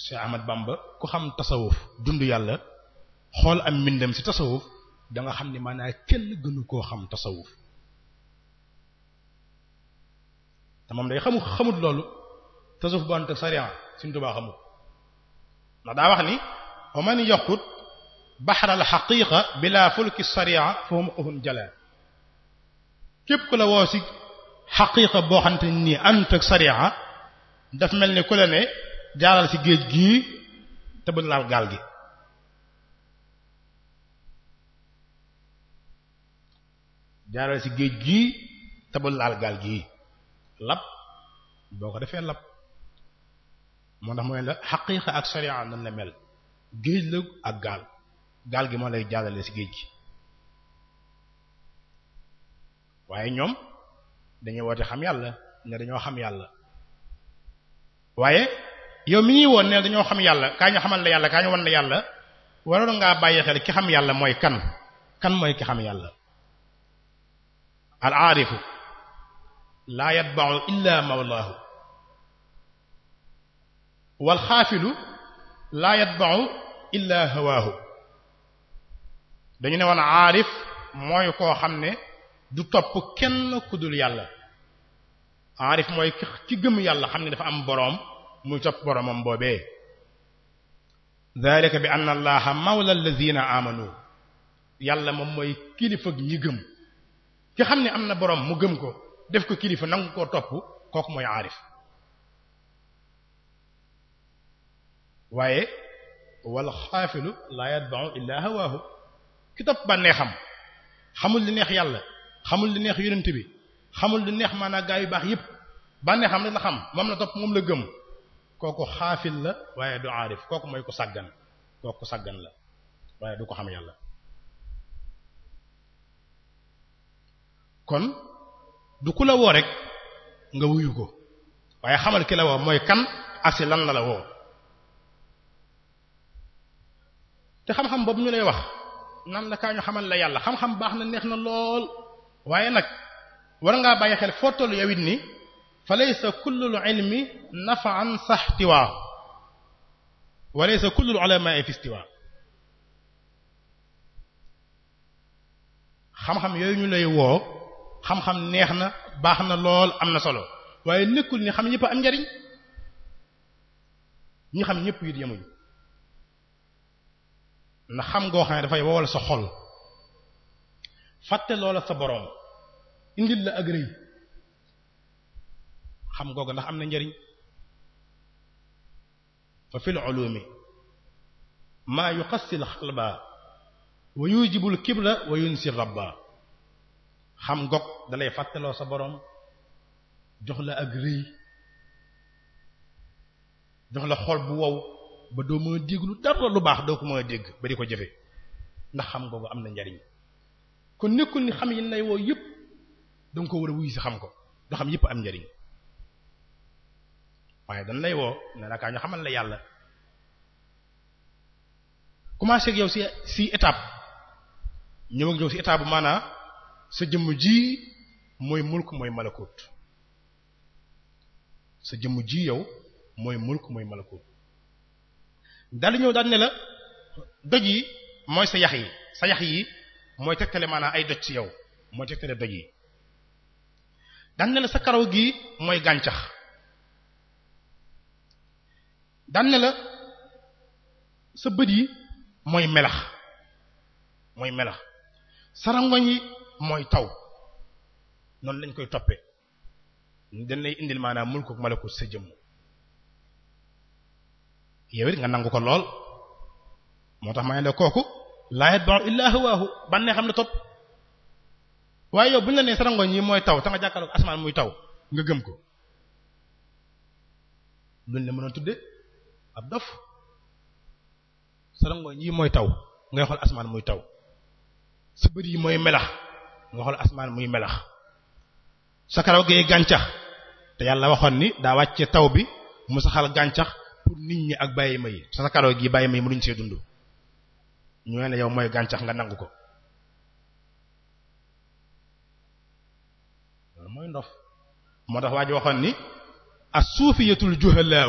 Cheikh Ahmad Bamba ku xam tasawuf dund yàlla xool am mbindam ci tasawuf danga xam ni maanaam kenn gënu koo xam tasawuf te moom day xamu xamut loolu tasawuf bu ànd ak sariya Sëriñ xamut ndax daa wax ni wa man yaqut baxra al xaqiqa bila fa huwa muqhun jala képp la woo ci xaqiiqa boo xamante ni àndut ak sariya daf mel ni ku la ne jaaral ci géej gii te bu laal gaal gi jaaral ci géej gii te gaal gii lab boo ko defee lab moo tax mooy la xaqiiqa ak sariya nan la mel géej la ak gaal gaal gi moo lay jàllale ci géej gi waaye ñoom dañuy woote xam yàlla ne dañoo xam yàlla waaye yow mi ñuy woon ne dañoo xam yàlla kaa ñu xamal la yàlla kaa ñu wan la yàlla waroon ngaa bàyyi xel ki xam yàlla mooy kan kan mooy ki xam yàlla al aarifu laa yatba'u illa mawlaahu wal xaafilu laa yatba'u illa hawaahu dañu ne woon aarif mooy koo xam ne du topp kenn ku dul yàlla aarif mooy ki gëm yàlla xam ne dafa am boroom muy topp boroomam boobee dhalika bi anna allaha mawla alladhina amanu yàlla moom mooy kilifa ñi ne am na boroom mu gëm ko def ko kilifa nangu koo topp kooku mooy aarif waaye wal xaafilu la yatba'u illa hawaahu ki topp bànnee xam xamul li neex yàlla xamul li neex yonent bi xamul li neex maanaam gaa yu baax yépp bànnee xam la xam moom na topp moom la gëm kooku xaafil la waaye du aarif kooku mooy ko sàggan kooku ko sàggan la waaye du ko xam yàlla kon du ku la woo rek nga wuyu ko waaye xamal ki la woo mooy kan ak si lan la la woo te xam-xam boobu ñu lay wax nan la kaa ñu xamal la yàlla xam-xam baax na neex na lool waaye nag war ngaa bàyyi xel foo tollu yawit ni fa laysa kullul ilmi nafaan saxtiwaa wa laysa kullul ulama'i sa istiwaa xam-xam yooyu ñu lay woo xam-xam neex na baax na lool am na solo waaye nekkul ni xam ñëpp am njariñ ñi xam ñépp it yemuñu ndax xam ngoo dafay wowal sa xol fàtte loola sa boroom indil la ak rëy xam googu ndax am na njariñ fa fil ulumi maa yuqassil xalba wa yujibul kibra wa yunsi rabba xam gog dalay fàttaloo sa boroom jox la ak rëy jox la xool bu wow ba doo mën a dégg lu dara lu baax doo ko mën dégg ba di ko jëfe ndax xam googu am na njariñ kon nekkul ni xam yi lay woo yëpp danga ko war a wuyu si xam ko du xam yëpp am njariñ waaye dañ lay woo ne la kaa ñu xamal la yàlla commencé ak yow si si étape ñëw ak yow si étape bu maanaa sa jëmm ji mooy mulk mooy malakut sa jëmm ji yow mooy mulk mooy malakut daal di ñëw daal ne la doj yi mooy sa yax yi sa yax yi mooy tegtale maanaam ay doj ci yow mooy tegtale doj yi daan ne la sa karaw gii mooy gàncax daan la sa bët yi mooy melax mooy melax sa rangoñ yi mooy taw noonu lañ koy toppe dañ lay indil maanaam mul ko mala ko sa jëmm yow it nga nangu ko lool moo tax ma ne kooku laa yatba'u illaa hawaahu bannee xam ne topp waaye yow bu ñu la nee sa rangoñ yi mooy taw ta nga jàkkaarloog asmaan muy taw nga gëm ko luñ la mënoon tudde ab dof sa rangoñ mooy taw ngay xool asmaan muy taw sa bët yi mooy melax nga xool asmaan muy melax sa karaw gee gàncax te yàlla waxoon ni daa wàcce taw bi mu saxal gàncax pour nit ñi ak bàyyi ma yi sa karaw gi bàyyi ma yi mënuñ see dund ñoo ne yow mooy gàncax nga nangu ko mooy ndox moo tax waa ji waxoon ni as-suufiyatul juhalaa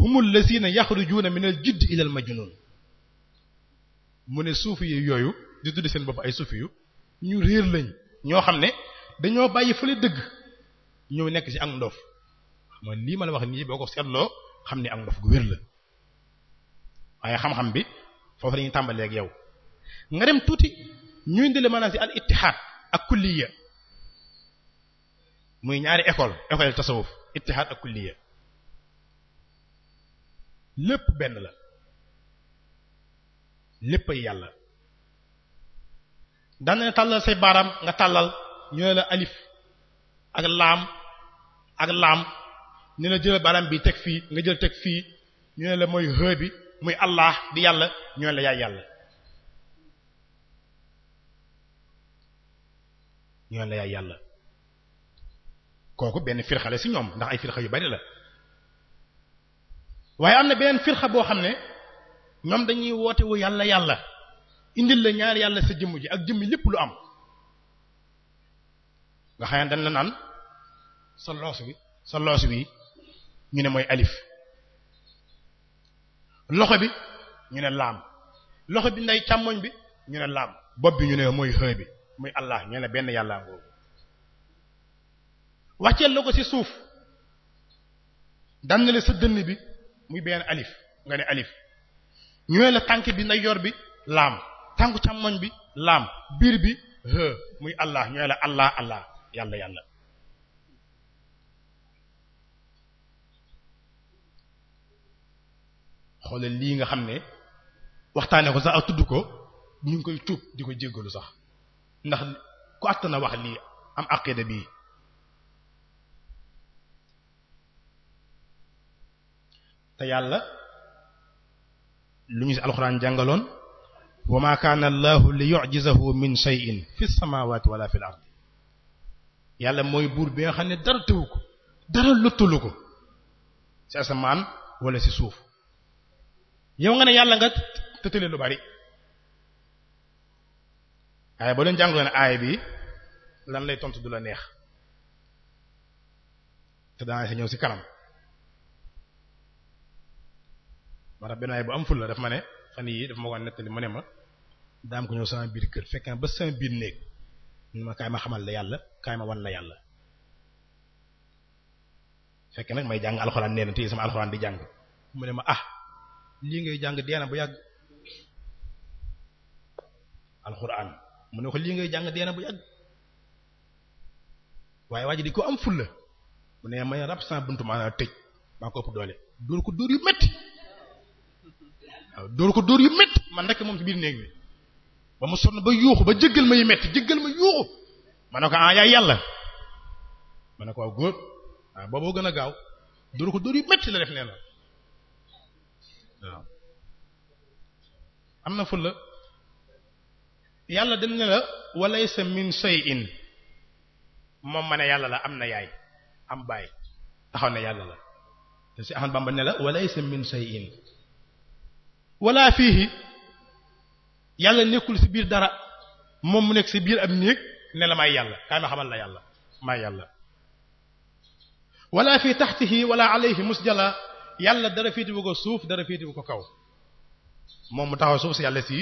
humul lazina yaxrujuuna min al jidd ila al majnun mu ne suufi yooyu di tuddi seen bopp ay suufi yu ñu réer lañ ñoo xam ne dañoo bàyyi fële dëgg ñëw nekk ci ak ndox mooy lii ma la wax nii boo ko seetloo xam ne ak ndof gu wér la waaye xam-xam bi foofu la ñuy tàmbalee ak yow nga dem tuuti ñu indi la ci al ittihaad ak kulliya muy ñaari ecole école tasawuf ittihaad ak kulliya lépp benn la lépp ay yàlla daan na tàllal say baaraam nga tàllal ñu ne la alif ak laam ak laam ñu ne la jël baaraam bi teg fii nga jël teg fii ñu ne la mooy hë bi muy allah di yàlla ñooy la yaay yàlla ñooy la yaay yàlla kooku benn firxale ci ñoom ndax ay firxa yu bari la waaye am na beneen firxa boo xam ne ñoom dañuy woote wu yàlla yàlla indil la ñaari yàlla sa jëmm ji ak jëmmi lépp lu am nga xam ne dañ naan sa loos wi sa loos wi ñu ne mooy alif loxo bi ñu ne laam loxo bi nday càmmoñ bi ñu ne laam bopp bi ñu ne mooy xëy bi muy allah ñu ne benn yàllaa ngoo wàcceel la ko ci suuf daan na sa dënn bi muy benn alif nga ne alif ñu ne la tànk bi nday yor bi laam tànku càmmoñ bi laam biir bi hë muy allah ñu ne la allah allah yàlla yàlla xoolal lii nga xam ne waxtaane ko sax ak tudd ko ñu ngi koy tuub di ko jéggalu sax ndax ku àtt na wax lii am aqida bii te yàlla lu ñu ci alxuraan jàngaloon wa ma kaana allahu li yu'jizahu min shay'in fi samawati wala fil mooy buur bi nga xam ne dara tëwu ko dara wala ci suuf yow nga ne yàlla nga tëtële lu bari waaye ba doon jàngoon aay bi lan lay tontu du la neex te daanaka ñëw si kanam moo tax benn aay bu am ful la daf ma ne fan yii daf ma ko nettali mu ne ma daam ko ñëw biir kër fekk na ba sama kaay ma xamal la yàlla kaay ma wan la yàlla fekk nag may jàng alxuraan nee na téye sama alxuraan di jàng mu ne ma ah. lii ngay jàng dee bu yàgg alxuraan mu ne ko lii ngay jàng deena bu yàgg waaye waa di ko am fulla mu ne may rab sans buntu maanaam tëj maa ko ëpp doole dóor ko dóor yu métti ko dóor yu métti man rek moom ci biir néeg bi ba mu sonn ba yuuxu ba jëggal ma yu métti jëggal ma yuuxu ma ne ko ah yàlla ma ne ko waaw góor ah boobu gën a gaaw dóor ko dóor yu métti la def nee na waaw am na fulla yàlla dañ ne la walaysa min shay'in moom ma ne yàlla la am na yaay am baay taxaw ne yàlla la te si Ahmad Bamba ne la walaysa min shay'in wala fiihi yàlla nekkul si biir dara moom mu nekk si biir ab néeg ne la may yàlla kaay ma xamal la yàlla may yàlla wala fi taxtihi wala alayhi musjala yàlla dara féetewu ko suuf dara féetewu ko kaw moom mu taxaw suuf si yàlla si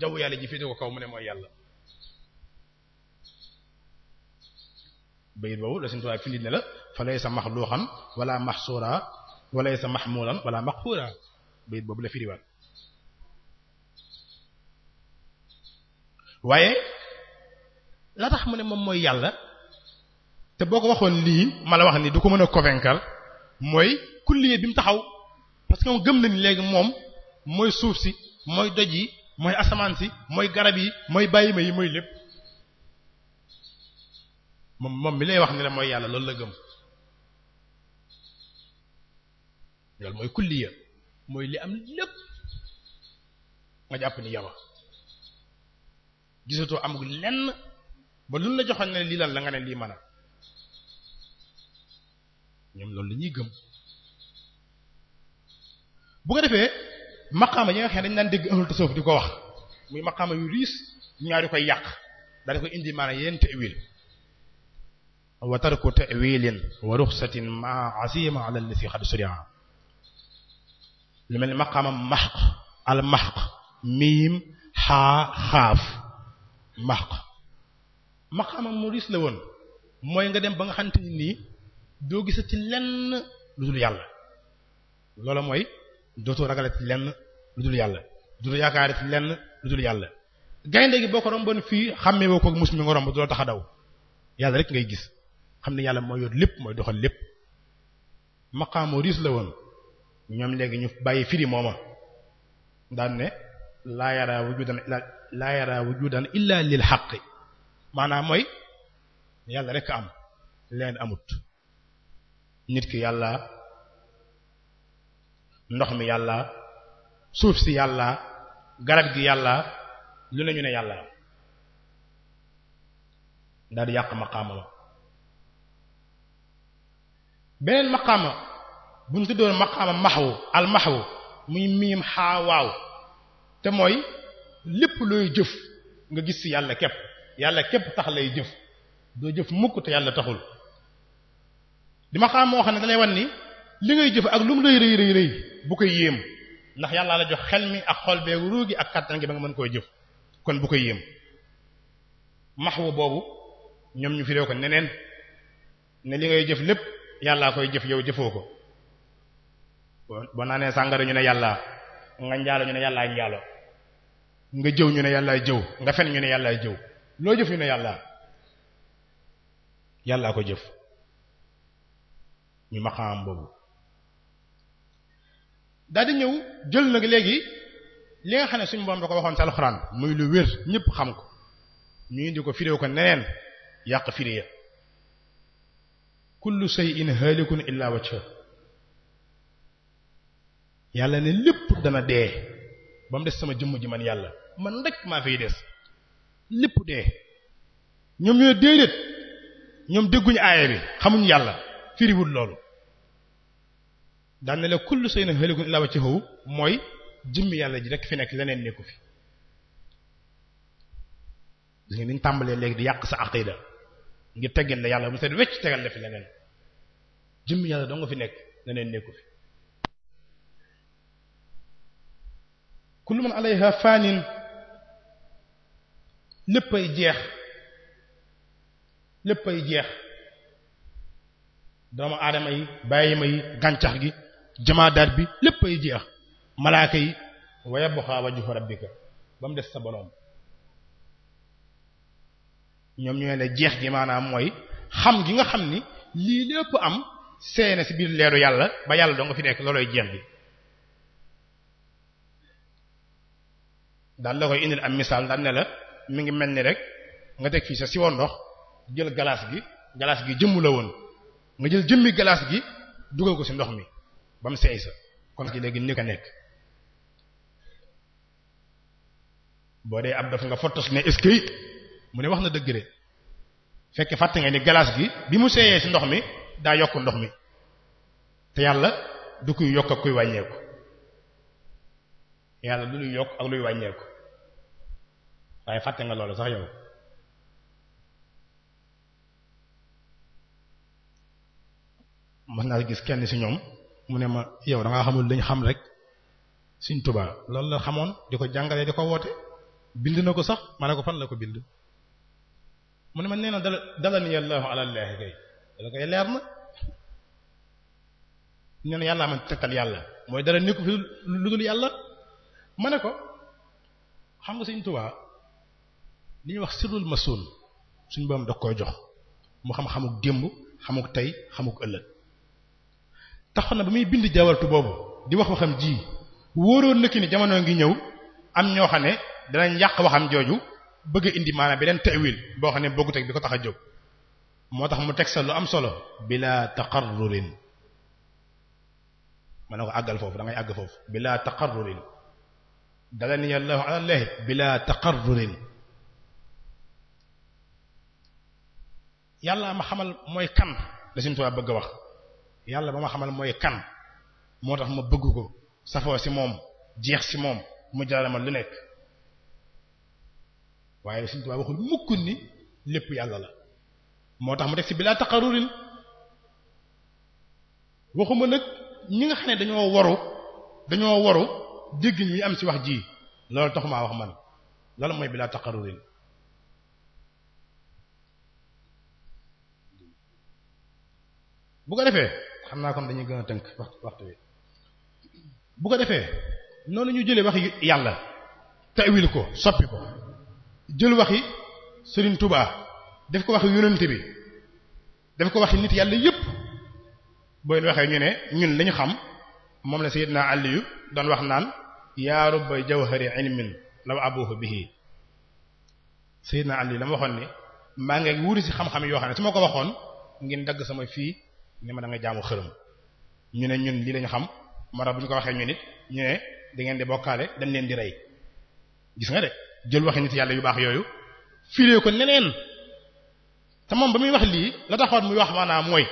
jaww yàlla ji féetewu ko kaw mu ne mooy yàlla. bayit boobu la suñu tubaab fi ne la fa laysa maxluuxan wala maxsuura wa laysa maxmuulan wala maxfuura bayit boobu la firiwaat waaye la tax mu ne moom mooy yàlla te boo ko waxoon lii ma la wax ni du ko mën a convaincre mooy kulliye bi mu taxaw parce que moom gëm nañ léegi moom mooy suuf si mooy doj yi mooy asamaan si mooy garab yi mooy bàyyima yi mooy lépp moom moom mi lay wax ni mooy yàlla loolu la gëm loolu mooy kulliya mooy li am lépp nga jàpp ni yama gisatoo amul lenn ba luñ la joxoon ne lii lan la nga ne lii mën ñoom loolu la ñuy gëm bu ko defee maqaama yi nga xam dañ daan dégg ahlul tasawuf di ko wax muy maqaama yu riis ñaari koy yàq dañ koy indi maanaam yeneen ta'wil wa tarku ta'wilin wa ruxsatin ma asima ala allati qad suri'a lu mel ni maqaama mahq al mahq miim xaa xaaf mahq maqaama mu riis la woon mooy nga dem ba nga xamante ni nii doo gisa ci lenn lu dul yàlla loola mooy dootoo ragale ci lenn lu dul yàlla dootoo yaakaar ci lenn lu dul yàlla gaynde gi boo ko romboon fii xàmmee woo ko mus mi nga romb du la tax a daw yàlla rekk ngay gis xam ne yàlla mooy yor lépp mooy doxal lépp maqaamu riis la woon ñoom léegi ñu bàyyi firi mooma daan ne laa yara wujudan illa laa yara wujudan illa lil xaqi maanaam mooy yàlla rek am leen amut nit ki yàlla ndox mi yàlla suuf si yàlla garab gi yàlla lu ne ñu ne yàlla daal di yàq maqaama ma beneen maqaama bu ñu tuddoon maqaama maxwu al maxwu muy miim xaawaaw te mooy lépp looy jëf nga gis ci yàlla képp yàlla képp tax lay jëf doo jëf mukk te yàlla taxul di maqaam moo xam ne dalay wan ni li ngay jëf ak lu mu rëy rëy bu ko yéem ndax yàllaa la jox xel mi ak xol bee ruugi ak kattan gi ba nga mën koo jëf kon bu ko yéem maxwu boobu ñoom ñu firee ko neneen ne li ngay jëf lépp yàllaa koy jëf yow jëfoo ko boo naa nee sàngara ñu ne yàllaa nga njaalo ñu ne yàllaay njaalo nga jëw ñu ne yàllaay jëw nga fen ñu ne yàllaay jëw loo jëf ñu ne yàllaa yàllaa ko jëf ñu maqaam boobu daal di ñëw jël nag léegi li nga xam ne suñ borom da ko waxoon ci alxuraan muy lu wér ñëpp xam ko ñu indi ko firéew ko neneen yàq firé ya kullu shay'in halikun yàlla ne dana dee ba des sama jëmm ji man yàlla man rek maa fay des lépp dee ñoom dégguñu aaya bi xamuñu yàlla firiwul loolu daan na la kullu shay'in halikun illaa wajhahu mooy jëmmi yàlla ji rek fi nekk leneen nekku fi gis nga ni tàmbalee léegi di yàq sa aqida ngir teggin la yàlla mu seet wecc tegal la fi leneen jëmmi yàlla doo nga fi nekk leneen nekku fi kullu léppay jeex léppay jeex doomu aadama yi bàyyima yi gàncax gi jamaadaat bi lépp ay jeex malaaka yi wa yabqa wajhu rabbika ba mu des sa boroom ñoom ñoo ne jeex gi maanaam mooy xam gi nga xam ni lii lépp am seene si biir leeru yàlla ba yàlla doo nga fi nekk looloy jeex bi daal la koy am misaal daal la mi ngi mel ni rek nga teg fii sa siwo ndox jël galaas gi galaas gi jëmm la woon nga jël jëmmi galaas gi dugal ko ci ndox mi ba mu seey sa kon ci léegi ni ko nekk boo dee ab daf nga fottos ne est mu ne wax na dëgg de fekke fàtte nga ni glace gi bi mu seeyee si ndox mi daa yokk ndox mi te yàlla du kuy yokk ak kuy wàññeeku yàlla du luy yokk ak luy wàññeeku waaye fàtte nga loolu sax yow mën naa gis kenn ci ñoom mu ne ma yow da ngaa xamul lañ xam rek Sëriñ Tuubaa loolu la xamoon di ko jàngalee di ko woote bind na ko sax ma ne ko fan la ko bind mu ne ma nee na dala dala ni yàllaahu kay dala koy leer na ñu ne yàllaa man tegtal yàlla mooy dara nekku fi lu dul yàlla ma ne ko xam nga Sëriñ Tuubaa li wax sirrul masoon suñ boom da koy jox mu xam xamuk démb xamuk tey xamuk ëllëg taxoon na ba muy bind jawartu boobu di wax waxam ji wóoroon na ki ni ngi ñëw am ñoo xam ne danañ yàq waxam jooju bëgg a indi maanaam beneen ta'wil boo xam ne bëggu teg bi ko tax a jóg moo tax mu teg sa lu am solo bila taqarrurin ma ne ko àggal foofu da àgg foofu bila taqarrurin dala ni yàlla ala llahi bila taqarrurin yàlla ma xamal mooy kan la suñu bëgg a wax yàlla ba ma xamal mooy kan moo tax ma bëgg ko safoo ci moom jeex ci moom mu jarama lu nekk waaye Sëriñ Tuubaa waxul mukk ni lépp yàlla la moo tax mu teg ci bilaa taqarurin waxuma nag ñi nga xam ne dañoo waru dañoo waru dégg ñi am ci wax ji loolu tax maa wax man loolu mooy bilaa taqarurin bu ko defee xam naa kon dañuy gën a tënk waxtu wi bu ko defee noonu ñu jëlee waxi yàlla tawil ko soppi ko jël waxi Serigne tubaa def ko waxi yonente bi daf ko waxi nit yàlla yépp boo leen waxee ñu ne ñun lañu xam moom la Sayyidna Aliyu doon wax naan yaa rubba jawhari ilmin law abuhu bihi Sayyidna Aliyu la waxoon ni maa ngi wuuri si xam-xam yoo xam ne su ma ko waxoon ngeen dagg sama fii ni ma da nga jaamu xërëm ñu ne ñun lii lañu xam moo tax bu ñu ko waxee ñu nit ñu ne da ngeen di bokkaale dañ leen di rey gis nga de jël waxi nit yàlla yu baax yooyu firee ko neneen te moom ba muy wax lii la taxoon muy wax maanaam mooy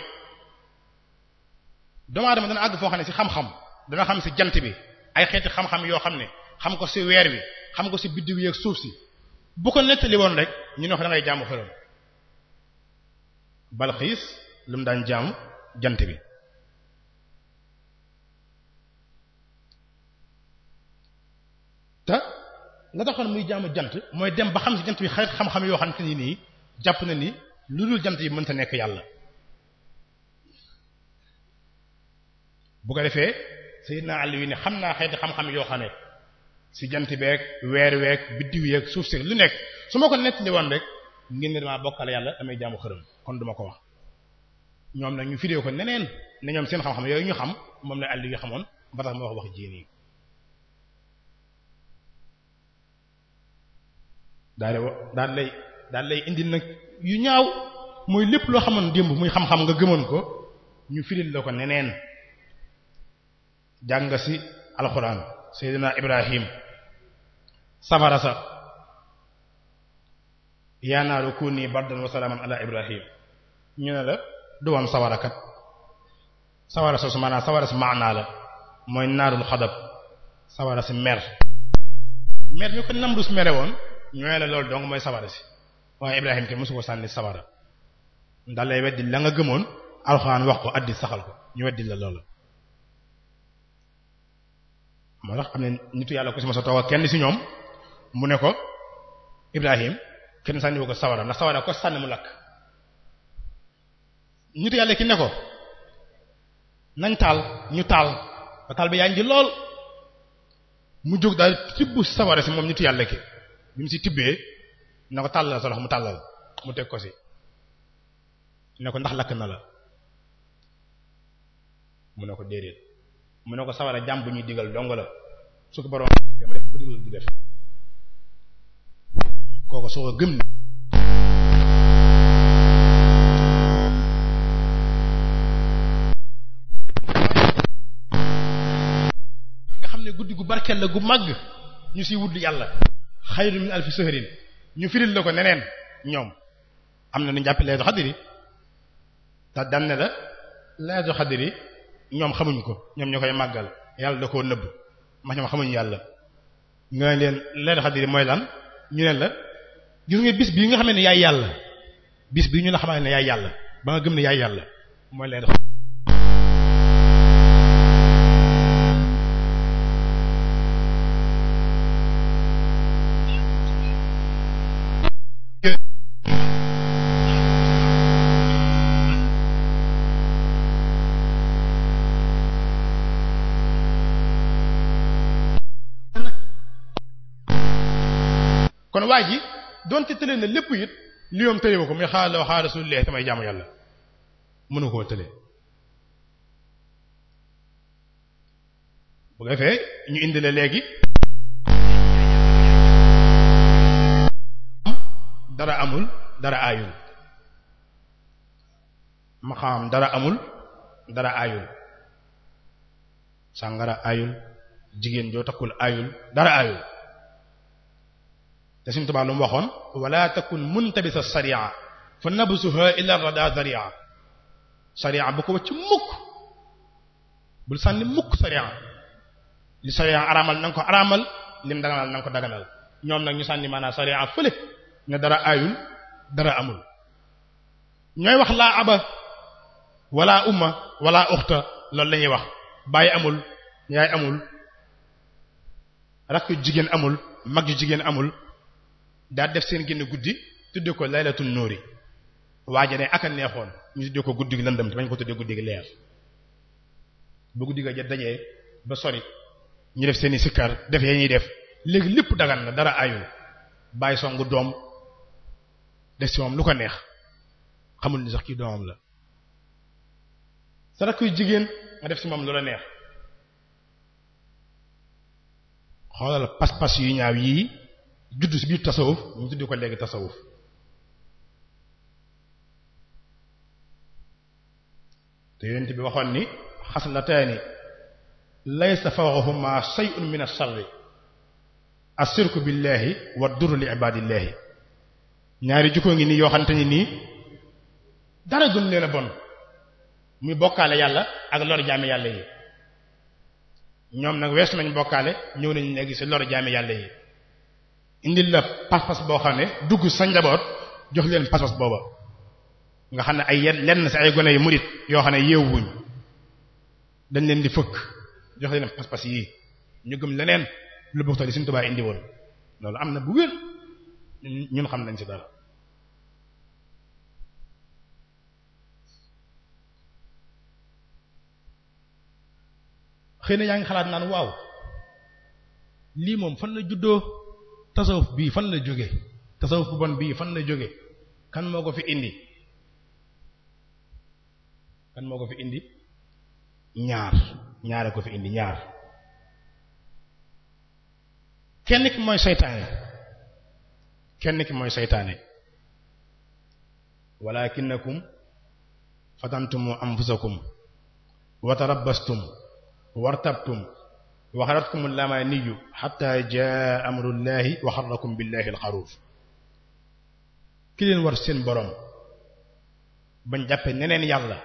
doomu aadama dana àgg foo xam ne ci xam-xam dana xam ci jant bi ay xeeti xam-xam yoo xam ne xam ko si weer wi xam ko ci biddiw yi ak suuf si bu ko nettali woon rek ñu ne wax da ngay jaamu xërëm balxiis lu mu daan jant bi te la taxoon muy jaamu jant mooy dem ba xam ci jant bi xarit xam-xam yoo xam ni nii jàpp na ni lu dul jant yi mënta nekk yàlla bu ko defee Sayyidina Ali ne xam naa xeeti xam-xam yoo xam ne si jant beeg weer weeg biddiw yeeg suuf si lu nekk su ma ko nekk ni wan rek ngeen ne damaa bokkale yàlla damay jaamu xërëm kon duma ko wax ñoom nag ñu fidee ko neneen ne ñoom seen xam-xam yooyu ñu xam moom la àll yi xamoon ba tax ma wax wax jéen yi daal di daal lay daal lay indi nag yu ñaaw mooy lépp loo xamoon démb muy xam-xam nga gëmoon ko ñu firil la ko neneen jàng si alxuraan seydina ibrahim safara sa yaanaaru kuni bardan wa salaaman ala ibrahim ñu ne la du woon sawara kat sawara soosu maanaam sawara si maanaa la mooy naarul xadab sawara si mer mer ñu ko Namrus mere woon ñooy la loolu dong mooy sawara si waaye Ibrahim ke mosu ko sànni sawara ndax lay weddi la nga gëmoon alxuraan wax ko addi saxal ko ñu weddi la loolu moo tax am ne nitu yàlla ko si ma sa toog kenn si ñoom mu ne ko Ibrahim kenn sànniwu ko sawara ndax sawara ko sànni mu lakk nit yàlla ki ne ko nañ taal ñu taal ba taal bi yaa ngi lool mu jóg daal tibb sawara si moom nit yàlla ki bi mu si tibbee na ko tàllal solo loxo mu tàllal mu teg ko si ne ko ndax lakk na la mu ne ko déedéet mu ne ko sawara jàmm ñuy digal dong la su ko borom dama def ko digal du soo ko gëm ne barke la gu màgg ñu siy wut yàlla xayru min alfi sahrin ñu firil la ko neneen ñoom am na nu jàppi laytu xadiri te dan ne la laytu xadiri ñoom xamuñ ko ñoom ñoo koy màggal yàlla da koo nëbb ma ñoom xamuñu yàlla nga leen laytu xadiri mooy lan ñu ne la gis nga bis bii nga xamee ne yaay yàlla bis bii ñu la xamante ne yaay yàlla ba nga gëm ne yaay yàlla mooy laytu waa ji donte tële lépp it li yoom tëye ko muy xaaral la xaaral samay jaamu yàlla mënu koo tële. bu ko defee ñu indi la léegi. dara amul dara aayul maxaam dara amul dara aayul sàngara aayul jigéen joo takkul aayul dara aayul. te suñu tubaab lu mu waxoon wala takun muntabisa sari'a fa nabsuha ila rada zari'a sari'a bu ko mukk bul sànni mukk sari'a li sari'a araamal na nga ko araamal lim daganal na ko daganal ñoom nag ñu sànni maanaam sari'a fële ne dara aayul dara amul ñooy wax laa aba wala umma wala uxta loolu la ñuy wax bay amul yaay amul rakk jigéen amul mag jigéen amul daal def seen génn guddi tudde ko laylatul nuuri waaja ne ak neexoon ñu tudde ko guddi gi lëndëm te bañ ko tudde guddi gi leer ba guddi ga ja dajee ba sori ñu def seeni sikkar def ya ñuy def léegi lépp dagan na dara ayul bàyyi songu doom def ci moom lu ko neex xamul ni sax kii doomam la sa rakkuy jigéen nga def si moom lu la neex xoolal pas-pas yu ñaaw yii juddu ci biir tasawuf ñu tuddi ko léegi tasawuf te yonent bi waxoon ni xaslataani laysa fawqahuma shay'un min ash-sharri ashirku billahi wa durru li ibadillahi ñaari jukkoo ngi nii yoo xamante ni nii dara gën leen bon muy bokkaale yàlla ak lor jaame yàlla yi ñoom nag wees nañ bokkaale ñëw nañu léegi ci lor jaame yàlla yi indi la pas-pas boo xam ne dugg sa njaboot jox leen pas-pas booba nga xam ne ay yenn lenn si ay gone yu murit yoo xam ne yeewuñ dañ leen di fëkk jox leen pas-pas yii ñu gëm leneen lu bokk li suñu Tuubaa indi woon loolu am na bu xam nañ ci dara. xëy na yaa ngi xalaat naan waaw lii moom fan la juddoo. tasawuf bii fan la jóge tasawuf bu bon bii fan la jóge kan moo ko fi indi kan moo ko fi indi ñaar ñaare ko fi indi ñaar kenn ki mooy seytaane kenn ki mooy seytaane walakinakum fatantum anfusakum wa tarabbastum wartabtum wa xaratkum lamaniyu xatta jaa amrullahi wa xarrakum billahi alxaruur ki leen war seen borom bañ jàppe neneen yàlla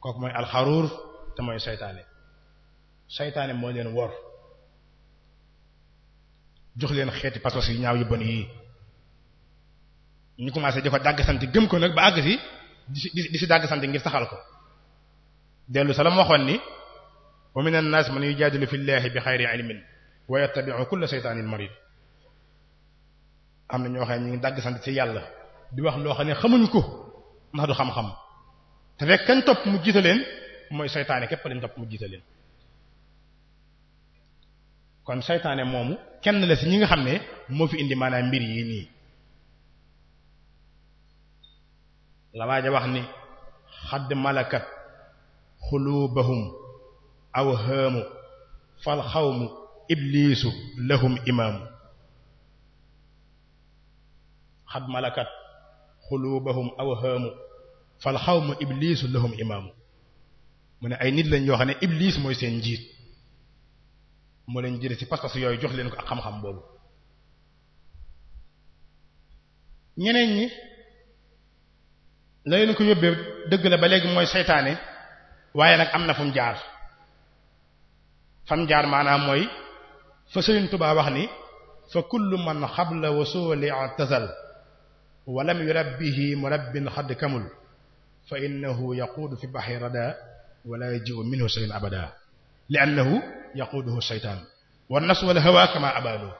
kooku mooy alxaruur te mooy seytaane seytaane moo leen wor jox leen xeeti pasos yi ñaaw yu bon yii ñu commencé di ko dàgg sant gëm ko nag ba àgg si di si dàgg sant ngir saxal ko dellu sa la mu waxoon ni wa min annaas man yujaadilu fi llahi bi xayri ilmin wa yattabi'u kulla shaytaanin am na ñoo xam ngi dagg sant ci yàlla di wax loo xam ne xamuñ ko ndax du xam-xam te fekk kañ topp mu jiite leen mooy seytaane képp lañ topp mu jiite leen kon seytaane moomu kenn la si ñi nga xam ne moo fi indi maanaam mbir yi nii la waaja wax ni xadd malakat xuluubahum awhaamu fal xawmu ibliisu lahum imaamu xad malakat xuluubahum awhaamu fal xawmu ibliisu lahum imaamu mu ne ay nit lañ yoo xam ne iblis mooy seen njiit moo leen jële ci pas-pas yooyu jox leen ko ak xam-xam boobu ñeneen ñi la leen ko yóbbee dëgg la ba léegi mooy seytaane waaye nag am na fum jaar fam jaar maanaam mooy fa Sëriñ Tuubaa wax ni fa kullu man xabla wasuli i'tazal wa lam yurabbihi murabbin xadd kamul fa innahu yaquudu fi bahri rada wala yaji'u minhu shay'un abada li annahu yaquuduhu shaytaan wan nafsu wal hawa kama abaalu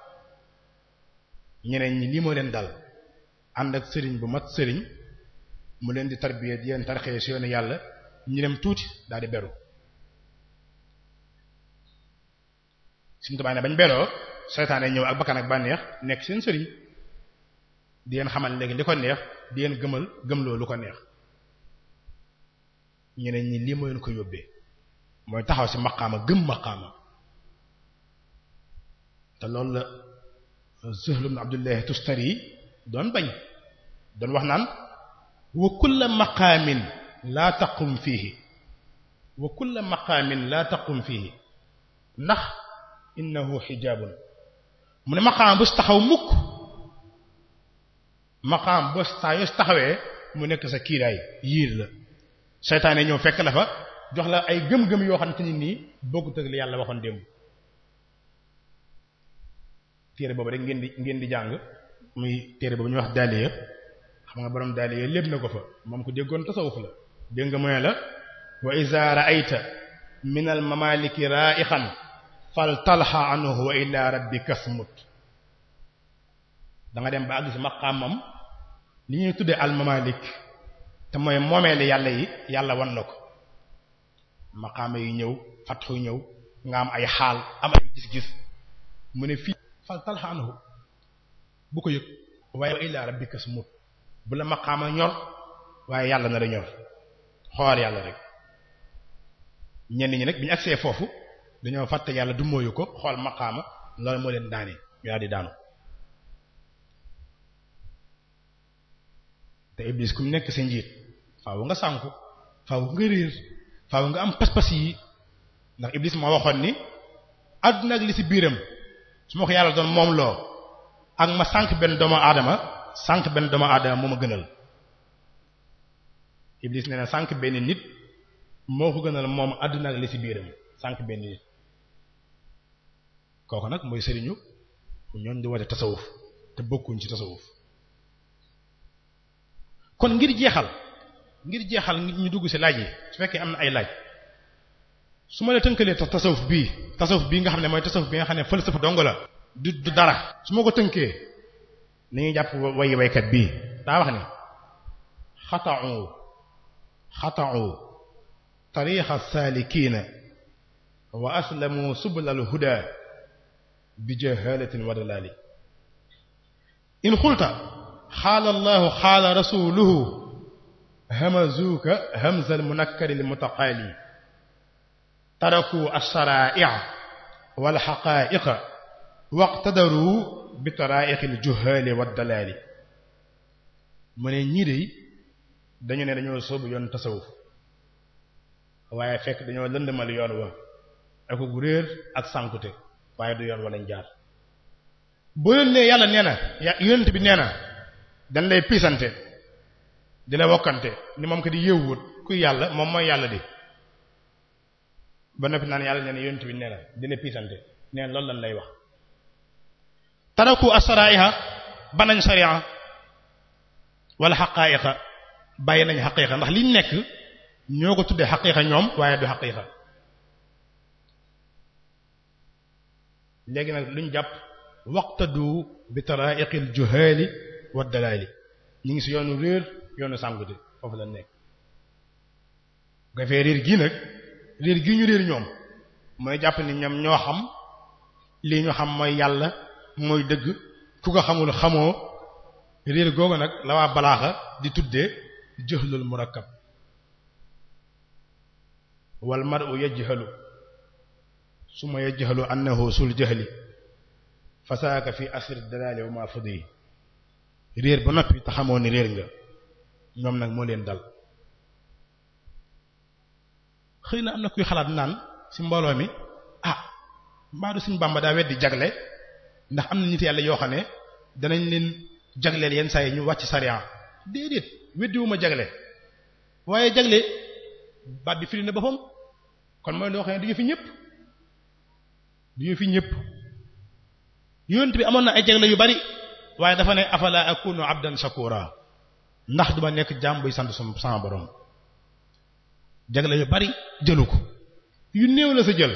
ñeneen ñi lii moo leen dal ànd ak sëriñ bu mat sëriñ mu leen di tarbiya di leen tarxee si yoonu yàlla ñu dem tuuti daal di beru suñu tubaab ne bañ beloo seytaane ñëw ak bakkan ak bànneex nekk seen sëriñ di leen xamal léegi li ko neex di leen gëmal gëmloo lu ko neex ñu ne ñi lii moo leen ko yóbbee mooy taxaw ci maqaama gëm maqaama te loolu la Zuhlu ibn Tustari doon bañ doon wax naan wa kulla maqaamin laa taqum fiihi wa kulla maqaamin laa taqum fiihi ndax innahu xijaabun mu ne maqaam bés taxaw mukk maqaam bés taa yos taxawee mu nekk sa kiiraay yiir la seytaane ñëw fekk la fa jox la ay gëm-gëm yoo xam te ni nii bokkut ak li yàlla waxoon démb téere boobu rek ngeen di ngeen di jàng muy téere boobu ñu wax daaliya xam nga borom lépp na ko fa moom ko déggoon tasawuf la dégg nga mooy la wa iza ra'ayta min al mamaliki ra'ihan fal talxa anhu wa ila rabbika smut da nga dem ba àgg ci maqaamam li ñuy tuddee almamalik te mooy moomeeli yàlla yi yàlla wan na ko maqaama yi ñëw fatxu ñëw nga am ay xaal am ay gis-gis mu ne fii fal talxa anhu bu ko yëg waaye wa ila rabbika smut bu la maqaama ñor waaye yàlla na la ñor xool yàlla rek ñenn ñi nag bi ñu agsee foofu dañoo fàtte yàlla du mooyu ko xool maqaama loolu moo leen daane ñu daal daanu te iblis ku mu nekk sa njiit faaw nga sànku faaw nga réer faaw nga am pas-pas yi ndax iblis moo waxoon ni àdduna ak li ci biiram su ma ko yàlla doon moom loo ak ma sànq benn doomu aadama sànq benn doomu aadama moo ma gënal iblis nee na sànq benn nit moo ko gënal moom àdduna ak li ci biiram sànq benn nit kooku nag mooy sëriñu ñooñ di woote tasawuf te bokkuñ ci tasawuf kon ngir jeexal ngir jeexal ñu dugg ci laaj yi su fekkee am na ay laaj su ma la tënkalee tasawuf bii tasawuf bii nga xam ne mooy tasawuf bi nga xam ne falsafa dong la du dara su ma ko tënkee nañuy jàpp way waykat bii daa wax ne xata'u xata'u tariixa saalikiina wa aslamu subulal huda bi jahalatin wa dalali in xulta xaala allahu xaala rasuluhu hamazuuka hamzal munakkaril mutaqaali taraku alsaraa'i'a wal xaqaa'iqa waqtadaruu bi taraa'iqil juhaali wa dalaali mu ne ñii de dañu ne dañoo sóobu yoon tasawuf waaye fekk dañoo lëndëmal yoon wa ak gu réer ak sànkute waaye du yoon walañ jaar boo leen ne yàlla nee na ya yonent bi nee na dañ lay piisante di la wokkante ni moom ko di yëwwut kuy yàlla moom mooy yàlla di ba noppi naan yàlla nee na yonent bi nee na dina piisante nee na loolu lañ lay wax taraku asraiha banañ sharia wala xaqaayiqa bàyyi nañ xaqiiqa ndax liñ nekk ñoo ko tuddee xaqiiqa ñoom waaye du xaqiiqa léegi nag ñu jàpp waqtadu bi tara'iqil juhali wa dalali ñu ngi si yoonu réer yoonu sànkute foofu la nekk bu ko fee réer gii nag réer gii ñu réer ñoom mooy jàpp ni ñoom ñoo xam lii ñu xam mooy yàlla mooy dëgg ku ko xamul xamoo réer googu nag la waa balaaxa di tuddee juhlul murakkab wal mar'u yajhalu summa yajhalu annahu sul jahli fasaaka fi asri dalali wa ma fadi réer ba noppi te xamoo ni réer nga ñoom nag moo leen dal xëy na am na kuy xalaat naan ci mbooloo mi ah mbaadu suñu Bàmba daa weddi jagle ndax am na nit yàlla yoo xam ne danañ leen jagleel yenn saa ñu wàcc sariya déedéet weddiwuma jagle waaye jagle baat bi firi na boppam kon mooy loo xam ne du fi ñëpp du ñu fi ñëpp yonent bi amoon na ay jagle yu bari waaye dafa ne afala akunu abdan shakura ndax duma nekk jaam buy sant sama borom jagle yu bari jëlu ko yu néew la sa jël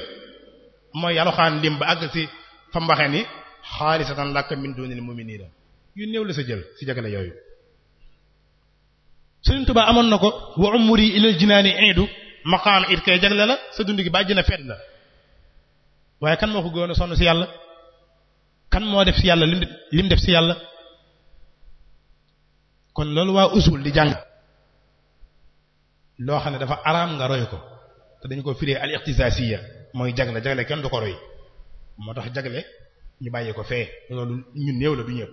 mooy yaloxaan lim ba àgg si fa mu ni xaalisatan laka min dunil mu'minina yu néew la sa jël si jagle yooyu Sëriñ Tuubaa amoon na ko wa umri ilal jinaani iidu maqaam it kay jagle la sa dund gi ba jëna fet la waaye kan moo ko gën a sonn si yàlla kan moo def si yàlla lim def si yàlla kon loolu waa usul di jàng loo xam ne dafa araam nga roy ko te dañu ko firee al ikhtisasiya mooy jagle jagle kenn du ko roy moo tax jagle ñu bàyyi ko fee loolu ñu néew la du ñëpp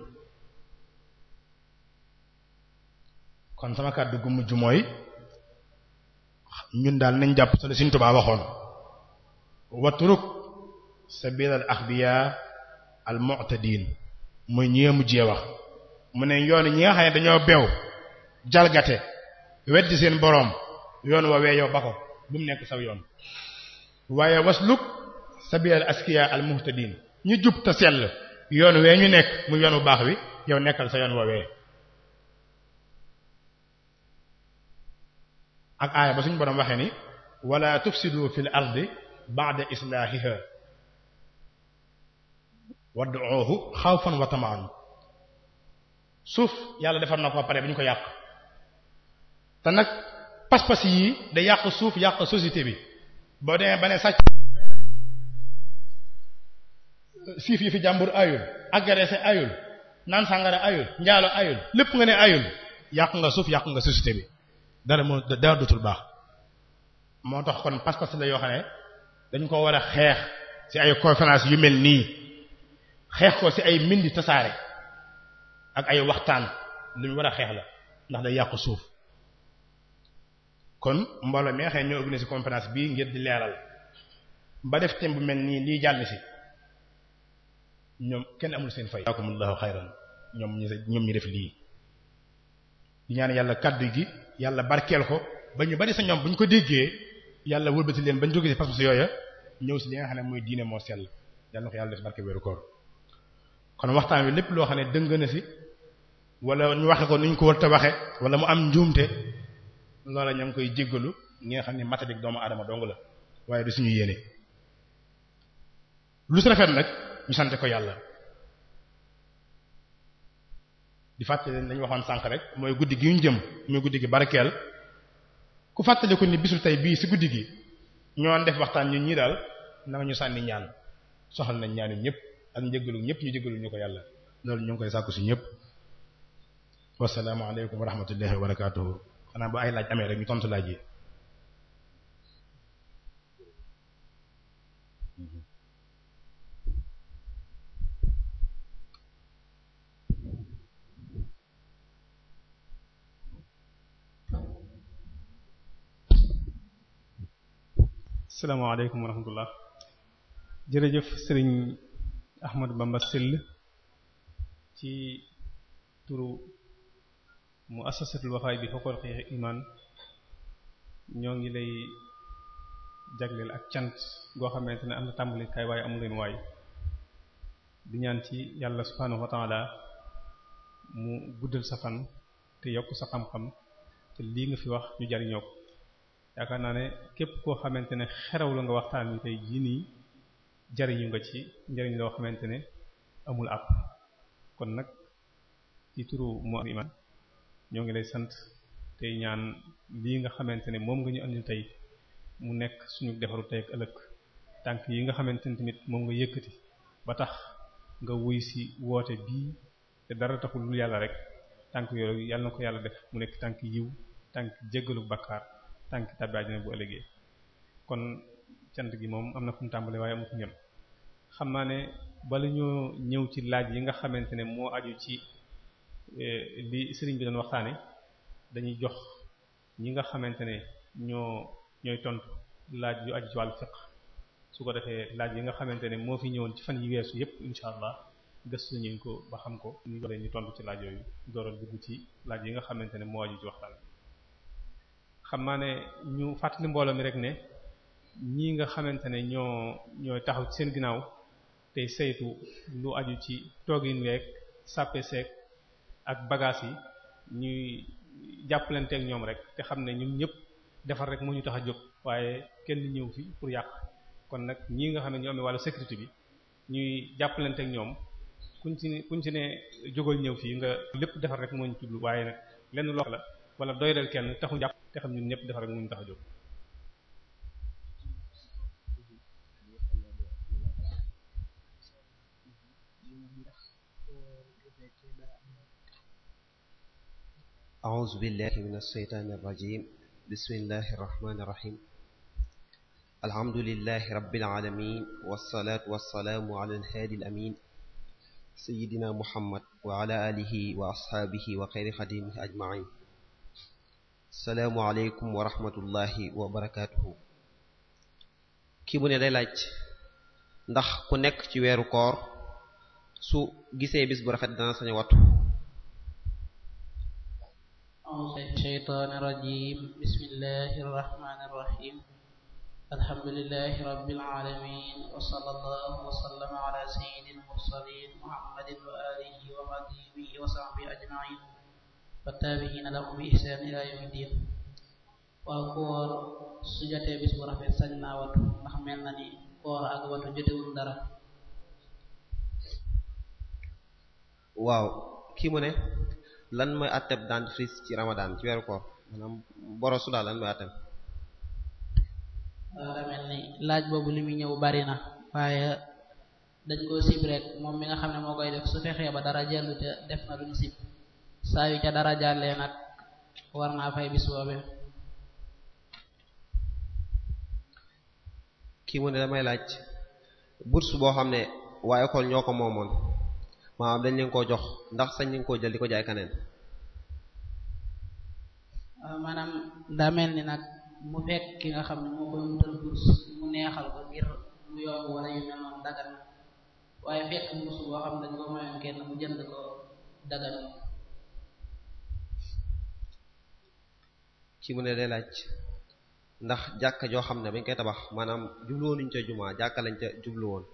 kon sama kàddu gu mujj mooy ñun daal nañ jàpp solo Sëriñ Tuubaa waxoon waturuk sabiilal axbiyaa al mu'tadiin mooy ñi mujjee wax mu ne yoon ñi nga xam ne dañoo bew jalgate weddi seen boroom yoon woowee yow ba ko bu mu nekk saw yoon waaye wasluk sabiilal askiyaa al muhtadiin ñu jub te yoon wee ñu nekk mu yoon bu baax wi yow nekkal sa yoon woowee ak aaya ba suñu boroom waxee ni wala tufsidu fil ardi ba'da islaahiha wad'uuhu xaw wa tamaan suuf yàlla defar na ko pare bi ñu ko yàq te nag pas-pas yii da yàq suuf yàq société bi boo demee ba ne sàcc siif yi fi jàmbur ayul agressé ayul naan sàngara ayul njaalo ayul lépp nga ne ayul yàq nga suuf yàq nga société bi dara moo dara dutul baax moo tax kon pas-pas la yoo xam ne dañ koo war a xeex ci ay conférence yu mel nii xeex ko ci ay mindi tasaare ak ay waxtaan lu ñu war a xeex la ndax day yàq suuf kon mbooloo mi nga xam ne ñoo organisé conférence bii ngir di leeral ba def thème bu mel nii lii jàll ci ñoom kenn amul seen fay. jazaakumullahu xayran ñoom ñu ñoom ñu def lii ñaan yàlla kàddu gi yàlla barkeel ko ba ñu bari sa ñoom bu ñu ko déggee yàlla wëlbati leen ba ñu jógee ci pas-pas yooya ñëw si li nga xam ne mooy diine moo sell yàlla na ko yàlla def barke weeru koor kon waxtaan wi lépp loo xam ne dëng na si wala ñu waxe ko ni ñu ko war waxe wala mu am njuumte loola ña ngi koy jéggalu ñi xam ne matadik doomu adama dong la waaye du suñu yéene lu si rafet nag ñu sante ko yàlla di fàttali leen dañu waxoon sànq rek mooy guddi gi ñu jëm muy guddi gi barkeel ku fàttali ko ni bisul tey bii si guddi gi ñoo def waxtaan ñun ñii daal na ñu sànni ñaan soxal nañ ñaanu ñëpp ak njëgalu ñëpp ñu jëgalu ñu ko yàlla loolu ñu koy sàkku si ñëpp wasalaamaaleykum wa rahmatullahi wa barakatuhu xanaa ba ay laaj amee sëriñ Ahmadu Bamba Sill ci turu muassasatul Wafa bi fokkool xeex iman ñoo ngi lay jagleel ak cant goo xamante ne am na tàmbali kay waaye amu leen waay di ñaan ci yàlla subhaanahu wa mu guddal sa fan te yokk sa xam-xam te lii nga fi wax ñu jariñoo ko yaakaar naa ne képp koo xamante ne xerawlu nga waxtaan wi tey jii nii jariñu nga ci njariñ loo xamante ne amul àpp kon nag ci turu mu am iman ñoo ngi lay sant te ñaan lii nga xamante ne moom nga ñu andil tey mu nekk suñu defaru tey ak ëllëg tànk yi nga xamante ne tamit moom nga yëkkati ba tax nga wuy si woote bii te dara taxul lu yàlla rek tànk yooyu yàlla na ko yàlla def mu nekk tànk yiw tànk jéggalu bakkaar tànk tàbbi bu ëllëgee kon cant gi moom am na fu mu tàmbalee waaye amu fu ñëw xam naa ne bala ñoo ñëw ci laaj yi nga xamante ne moo aju ci eh, li sëriñ bi waxtaane dañuy jox ñi nga xamante ne ñoo ñooy tontu laaj yu aju ci wàllu fiqh su ko defee laaj yi nga xamante ne moo fi ñëwoon ci fan yi weesu yépp incha allah gëstu nañu ko ba xam ko ñu joxe ñu tontu ci laaj yi dooral dugg ci laaj yi nga xamante ne moo aju ci waxtaan xam ñu fàttali mbooloo mi rek ne ñii nga xamante ne ñoo ñooy taxaw ci seen ginnaaw tey saytu lu aju ci toogin week sàppe seek ak bagage yi ñuy jàppalanteeg ñoom rek te xam ne ñu ñëpp defar rek moo ñu tax a jóg waaye kenn ñëw fii pour yàq kon nag ñii nga xam ne ñoo amee wàllu sécurité bi ñuy jàppalanteeg ñoom kuñ ci kuñ ci ne jógal ñëw fii nga lépp defar rek moo ñu tudd waaye nag lenn loxo la wala doy del kenn taxu jàpp te xam ñun ñëpp defar rek moo ñu tax a jóg أعوذ بالله من الشيطان الرجيم بسم الله الرحمن الرحيم الحمد لله رب العالمين والصلاة والسلام على الهادي الأمين سيدنا محمد وعلى آله وأصحابه وخير خديمه أجمعين السلام عليكم ورحمة الله وبركاته kii bu ne day laaj ndax ku nekk ci weeru koor su gisee bis bu rafet dana sañ a wattu أعوذ من الشيطان الرجيم بسم الله الرحمن الرحيم الحمد لله رب العالمين وصلى الله وسلم على سيد المرسلين محمد وآله وقديمه وصحبه أجمعين والتابعين لهم بإحسان إلى يوم الدين waaw koor su jotee bis bu rafet sañ naa watu ndax mel na ni koor ak watu jotewul dara waaw kii mu ne lan mooy atteb dentifrice ci ramadan ci weeru koor maanaam borosu daal lan mooy atteb waaw mel ni laaj boobu li muy ñëw bari na waaye dañ koo sib rek moom mi nga xam ne moo koy def su fexee ba dara jàllu te def na luñu sib saa yu ca dara jàllee nag war naa fay bis boobee kii mu ne damay laaj bourse boo xam ne waa école ñoo ko moomoon maanaam dañ leen koo jox ndax sañ lañ koo jël di ko jaay kaneen ah, maanaam daa mel ni nag mu fekk ki nga xam ne moo koy wutal burs mu neexal ko ngir mu yomb wala yu mel noonu waaye fekk burs boo xam ne dañ ko mayoon kenn mu jënd ko dagan ci mu ne day laaj ndax jàkka joo xam ne bañ koy tabax maanaam jubluwoon nañ ca jumaa jàkka lañ ca jubluwoon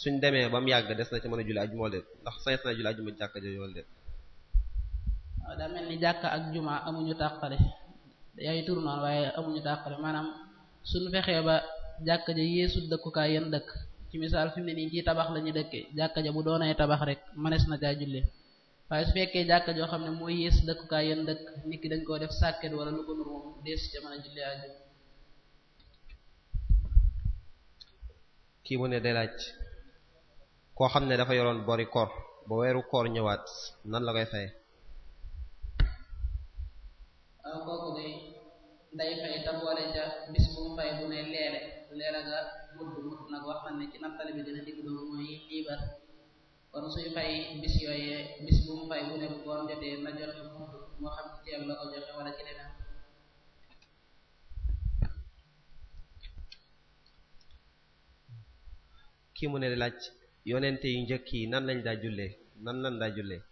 suñ demee ba mu yàgg des na ci mën a julli ajuma wala déet ndax sañet na julli ajuma jàkka jooju wala déet waaw daa mel ni jàkka ak juma amuñu tàqale yaay tur waaye amuñu tàqale maanaam suñ fexee ba jàkka ja yeesu dëkkukaay yéen dëkk ci misaal fi ne nii ci tabax la ñuy dëkkee jàkka ja bu doonay tabax rek manees na caa julli waaye su fekkee jàkka joo xam ne mooy yees dëkkukaay yéen dëkk nit ki dañ koo def sàkket wala lu ko nur moom dees ca mën a julli kii mu koo xam ne dafa yoroon bori koor ba weeru koor ñëwaat nan la koy faye waaw kooku day day fay te boole ca bis bu mu fay bu ne leere leere nga mudd mu ne di laaj yonente yu njëkk yi nan lañ daa jullee nan lañ daa jullee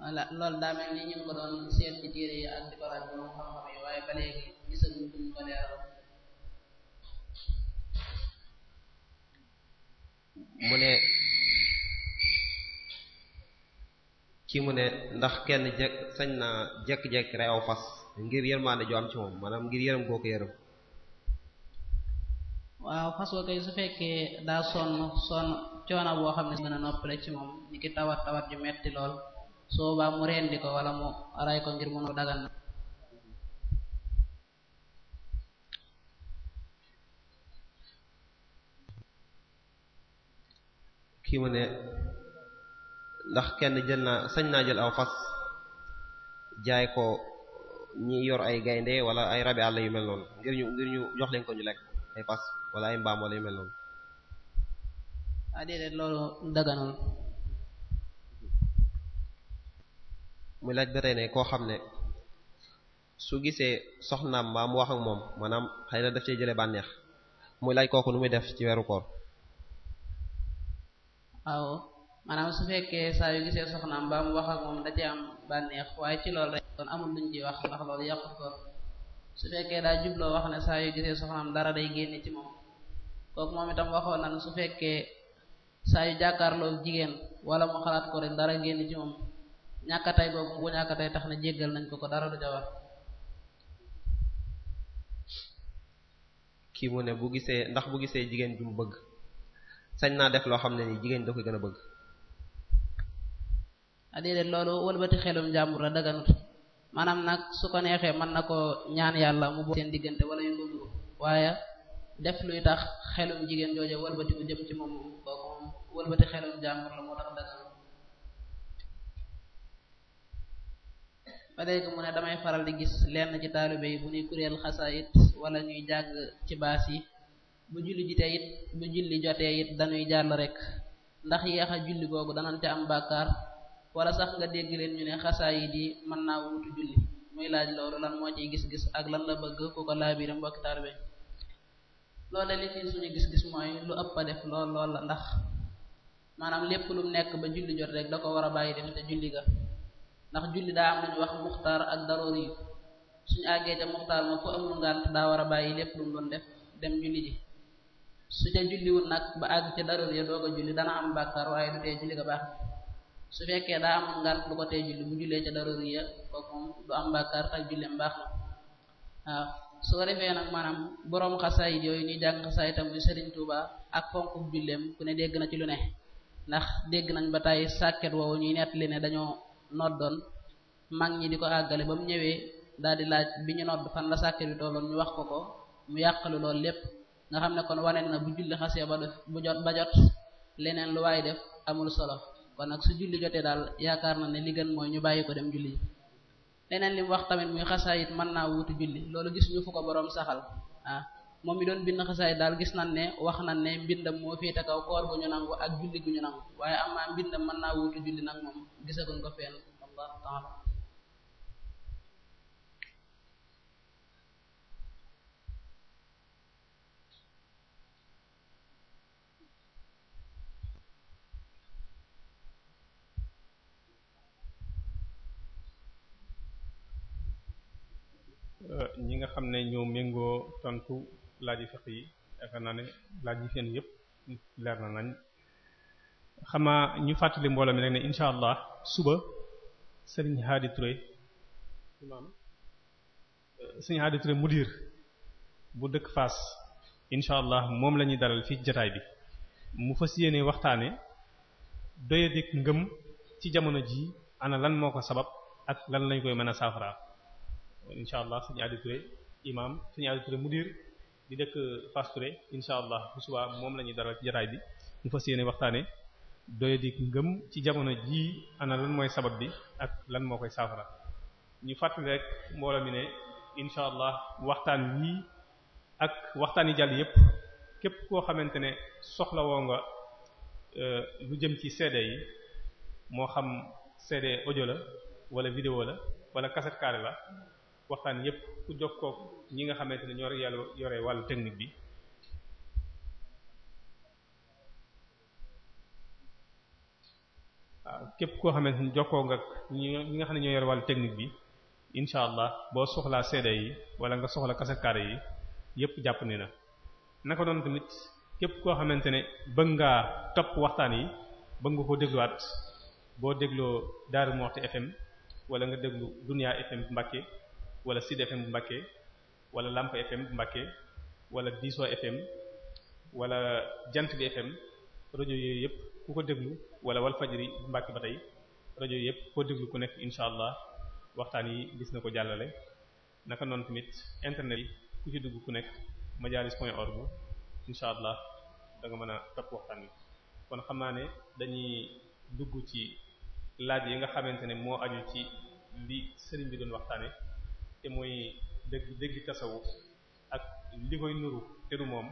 voilà loolu daa mel ñu ngi ko doon seet ci téere yi ak ko laaj mu ne kii mu ne ndax kenn jekk sañ naa jekk-jekk rey aw fas ngir yërmaande ju am ci moom maanaam ngir yërëm koo ko yërëm waaw fas wa kay su fekkee daa sonn sonn coono boo xam ne mën a noppale ci moom ñu ngi tawat lool soo baa mu ko wala mu ray ko ngir mënu ne ndax kenn jël na sañ naa jël aw fas jaay ko ñi yor ay gaynde wala ay rabi àll yu mel noonu ngir ñu ngir ñu jox leen ko ñu lekk ay eh, fas wala ay mbaam wala yu mel noonu ah déedéet loolu daganul muy laaj ba tey ne koo xam ne su gisee soxnaam mbaa mu wax moom maanaam xëy na daf cee jële bànneex muy laaj kooku nu muy def ci weeru koor waaw maanaam su fekkee saa yu gisee soxnaam mbaa mu moom da cee am bànneex waaye ci lool rek kon amul luñ ci wax ndax loolu yàqu koor su fekkee daa jubloo wax ne saa yu gisee soxnaam dara day génne ci moom kooku moom itam waxoon nan su fekkee saa yu jàkkaarloo jigéen wala mu xalaat ko rek dara génn ci moom ñàkkatay googu bu ñàkkatay tax na jéggal nañ ko ko dara du ca kii mu ne bu gisee ndax bu gisee jigéen ju mu bëgg sañ naa def loo xam ne ni jigéen da koy gën a bëgg a déedéet loolu wëlbati xelum jàmbur la daganut maanaam nag su ko neexee mën na ko ñaan yàlla mu boo seen diggante wala yu ko waaye def luy tax xelum jigéen jooje wëlbati bu jëm ci moom kooku moom wëlbati xelum jàmbur la moo tax dagan ba léegi mu ne damay faral di gis lenn ci taalibe yi bu ñuy kuréel xasaayit wala ñuy jàng ci baas yi bu julli jotee it bu julli jotee it dañuy jàll rek ndax yéex julli googu danañ ca am bàkkaar wala sax nga dégg leen ñu ne xasaa yi mën naa wuutu julli muy laaj loolu lan moo ciy gis-gis ak lan la bëgg ku ko laabire mbokki taalibe loole li ci suñu gis-gis mooy lu ëpp def lool lool la ndax maanaam lépp lu nekk ba julli jot rek da ko war a bàyyi dem te julli julli daa am lu ñuy wax muxtaar ak daroori yi suñu àggee ca muxtaar ma ko amul ngànt daa war a bàyyi lépp lu mu def dem julli ji su ca julliwul nag ba àgg ca daroori ya doog a julli dana am bàkkaar waaye du tee julli ga baax su fekkee daa amoon ngànt lu ko tey julli bu jullee ca daruriya kooku moom du am bàkkaar ak julleem baax na waaw soo defee nag maanaam boroom xasaayit yooyu ñuy jàng xasaayit tam muy Serigne Touba ak fonk julleem ku ne dégg na ci lu ne ndax dégg nañ ba tàyyi sàkket woowu ñuy nettali ne dañoo noddoon mag ñi di ko àggale ba mu ñëwee daal di laaj bi ñu nodd fan la sàkket bi tolloon ñu wax ko ko mu yàqalu loolu lépp nga xam ne kon waneen na bu julli xasee ba def bu jot ba jot leneen lu waay def amul solo kon nag su julli jotee daal yaakaar na ne li gën mooy ñu bàyyi ko dem julli leneen li mu wax tamit muy yit man naa wuutu julli loolu gis ñu fu ko boroom saxal ah moom mi doon bind xasaayit daal gis nañ ne wax nañ ne mbindam moo féete kaw koor gu ñu nangu ak julli gu ñu nangu waaye am naa mbindam mën naa wuutu julli nag moom gisaguñ ko fenn wallahu taala Euh, ñi nga xam ne ñoo méngoo tontu laaj fiq yi yaakaar naa ne laaj yi seen yëpp leer na nañ xamaa ñu fàttali mbooloo mi rek ne incha allah suba sëriñ Hadi Touré imaam euh, sëriñ Hadi Touré bu dëkk Fass incha allah moom la ñuy dalal fii jataay bi mu fas yéene waxtaane doyadik ngëm ci jamono ji ana lan moo ko sabab ak lan lañ koy mën a saafara incha allah suñu Adi Touré imam suñu Adi mudir di dëkk Fass Touré allah bu subaa moom la ñuy dara ci bi mu fas yéene waxtaane doye ngëm ci jamono jii ana lan mooy sabab bi ak lan moo koy saafara ñu fàttali rek mbooloo mi ne incha allah waxtaan yii ak waxtaan yi jàll yépp képp koo xamante ne soxlawoo nga euh, lu jëm ci CD yi moo xam CD audio la wala vidéo la wala cassette carré la waxtaan yépp ku jokkoo ñi nga xamante ne ñoo yàlla yore wàllu technique bi waaw képp koo xamante ne jokkoo nga ñi nga xam ne ñoo yore wàllu bi incha allah boo soxlaa CD yi wala nga soxla kasakaare yi yépp jàpp ni na naka doon tamit képp koo xamante ne bëgg ngaa topp waxtaan yi bëgg nga koo dégluwaat boo dégloo Darou Moukhty FM wala nga déglu Dunya FM Mbacké wala Sud FM bu Mbacké wala Lamp FM bu wala Diso wala Jant bi FM rajo yooyu yëpp ku ko déglu wala Walf Fadjri bu Mbacké ba tey rajo yooyu yëpp koo déglu ku nekk incha allah waxtaan yi gis na ko jàllale naka noonu tamit internet yi ku ci dugg ku nekk madialis.org incha allah da nga mën a topp waxtaan wi kon xam naa ne dañuy dugg ci laaj yi nga xamante ne moo aju ci li sëriñ bi doon waxtaane te mooy dëgg dëgg ak li koy nuru te moom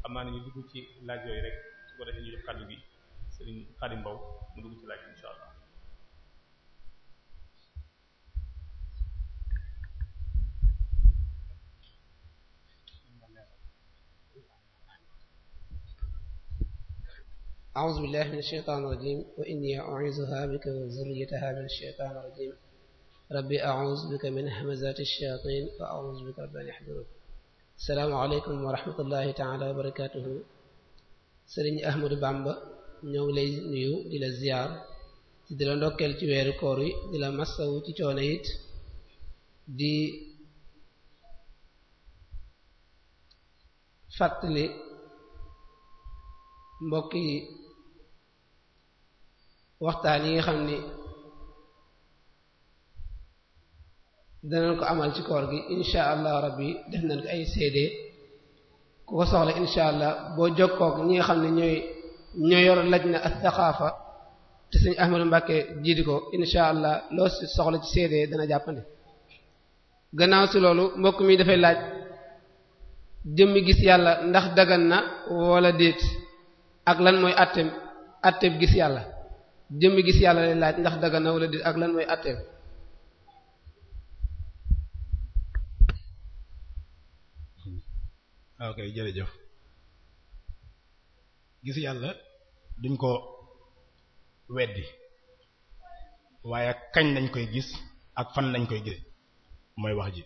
xam naa ne ci laaj yooyu rek su ko defee ñu mu dugg ci laaj insha allah. a'uuzu billahi mina shaytaani rajiim wa innii u'iizuhaa bika wa zurriyyatahaa mina shaytaani rajiim rabbi a'uuzu bika min hamazaati shayaatiin wa a'uuzu bika rabbi an yahduruun salaamu aleykum wa taala wa barakaatuhu sëriñ Ahmadou Bamba ñoo ngi nuyu di la ziyaar di la ndokkeel ci weeru koor yi di la massawu ci coono it di fàttali mbokk waxtaan yi xam ni danañ ko amal ci koor gi incha allah rabbi def nañ ko ay CD ku ko soxla incha allah boo jokkoo ak ñi nga xam ne ñooy ñoo yor laj na ak saxaafa te sëñ Ahmadou Mbacke jiidi ko incha allah loo si soxla ci CD dana jàppande. gannaaw si loolu mbokk mi dafay laaj jëmmi gis yàlla ndax dagan na wala déet ak lan mooy atteem atteem gis yàlla jëmmi gis yàlla lay laaj ndax dagan na wala déet ak lan mooy atteem. Ah, ok jërëjëf gis yàlla duñ ko weddi waaye kañ lañ koy gis ak fan lañ koy gis mooy wax ji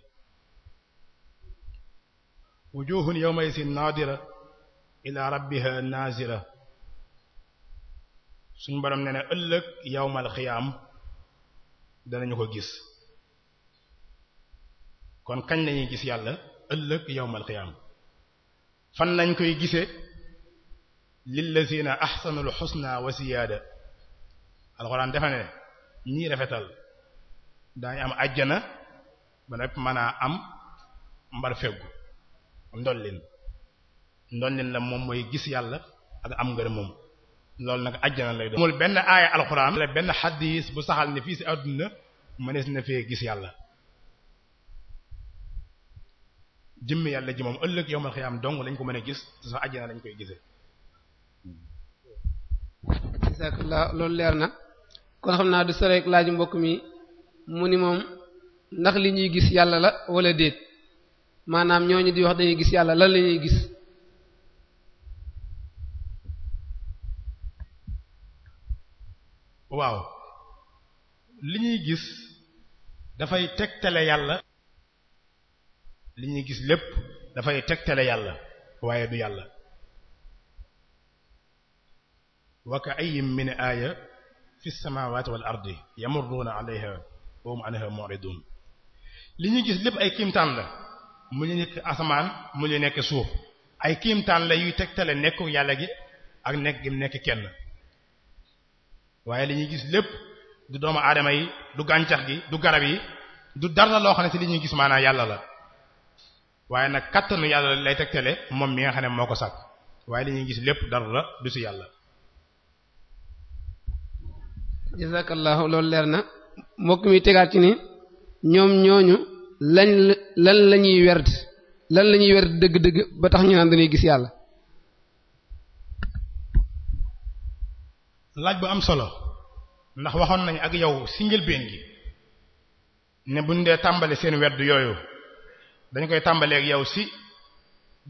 wujuhun yawmaysin naadira ila rabbiha naazira suñ borom nee na ëllëg yawmal xiyaam danañu ko gis kon kañ lañuy gis yàlla ëllëg yawmal xiyaam fan lañ koy gisee lillazina ahsanul husna wa ziyaada alxuraan dafa ne ñii rafetal daañu am ajjana ba nepp mën a am mbar feggu ndollin ndollin la moom mooy gis yàlla ak am ngërëm moom loolu nag ajjana lay doon benn aaya alxuraan la benn xadiis bu saxal ne fii ci àdduna mënees na fee gis yàlla jëmmi yàlla ji moom ëllëg yowmal xiyaam dong lañ ko mën a gis te sax àjjana lañ koy gisee. bisimilah loolu leer na kon xam naa du soreek laaju mbokk mi mu ni moom ndax li ñuy gis yàlla la wala déet maanaam ñooñu di wax dañuy gis yàlla lan la ñuy gis. waaw li ñuy gis dafay tegtale yàlla. li ñuy gis lépp dafay tegtale yàlla waaye du yàlla wa ka ayyin min aaya fi samawati wal ardi yamurruuna alayha wa hum li ñuy gis lépp ay kiimtaan la mu ñu nekk asamaan mu ñu nekk suuf ay kiimtaan la yuy tegtale nekku yàlla gi ak nekk gi nekk kenn waaye li ñuy gis lépp du doomu aadama yi du gàncax gi du garab yi du dara loo xam ne ci li ñuy gis maanaa yàlla la waaye nag kàttanu yàlla lay tegtale moom mi nga xam ne moo ko sàkk waaye li ñuy gis lépp dara du si yàlla. jazakallahu loolu leer na mbokk mi tegaat ci ni ñoom ñooñu lañ lan la ñuy werd lan la ñuy werd dëgg-dëgg ba tax ñu naan dañuy gis yàlla. laaj bu am solo ndax waxoon nañu ak yow si njëlbeen gi ne buñ dee tàmbali seen werd yooyu. dañ koy tàmbaleeg yow si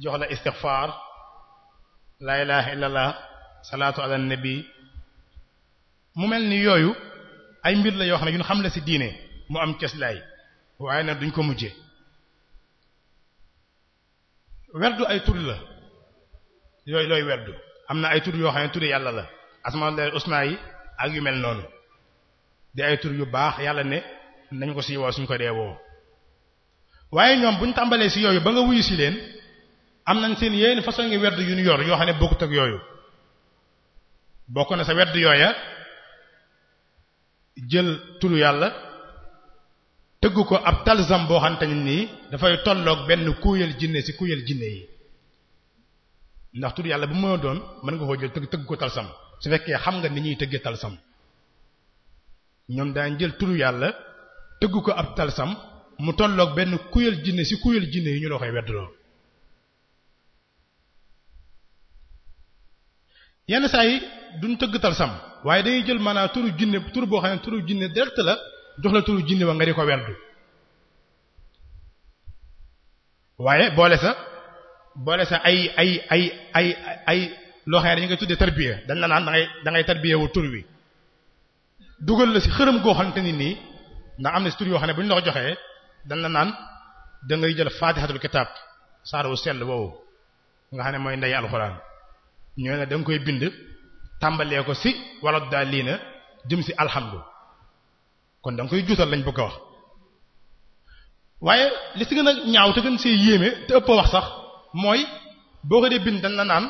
jox la istighfar la ilaha illallah salaatu ala nabi mu mel ni yooyu ay mbir la yoo xam ne ñun xam la si diine mu am cëslaay waaye nag duñ ko mujjee werdu ay tur la yooyu looy werdu am na ay tur yoo xam ne tur yàlla la asmaa lay usna yi ak yu mel noonu di ay tur yu baax yàlla ne nañ ko siiwoo suñ ko deewoo waaye ñoom bu ñu tàmbalee si yooyu ba nga wuyu si leen am nañ seen yeneen façon ngi werd yu ñu yor yoo xam ne bokkut ak yooyu bokk na sa werd yooya jël turu yàlla tëgg ko ab talsam boo xamante ne nii dafay tolloog benn kuuyal jinne si kuuyal jinne yi ndax turu yàlla bu mën a doon mën nga koo jël tëgg tëgg ko talsam su fekkee xam nga ni ñuy tëggee talsam ñoom daañ jël turu yàlla tëgg ko ab talsam mu tolloog benn kuyal jinne si kuyal jinne yi ñu la koy wedd loolu yenn saa yi duñ tëggtal sam waaye dañuy jël maanaa turu jinne tur boo xam ne turu jinne delt la jox la turu jinne ba nga di ko weddu waaye boole sa boole sa ay ay ay ay ay loo xam ne dañu tuddee tarbiya dañ la naan da ngay da ngay tur wi dugal la si xërëm goo xamante ni nii ndax am na si tur yoo xam ne bu ñu la ko joxee dan la naan da jël faatixatul kitaab saar wu sell woowu nga xam ne mooy ndey alxuraan ñoo ne da koy bind tàmbalee ko si wala daal lii na jëm si alhamdu kon da koy juutal lañ bëgg a wax waaye li si gën a ñaaw te gën see yéeme te ëpp wax sax mooy boo ko dee bind dañ la naan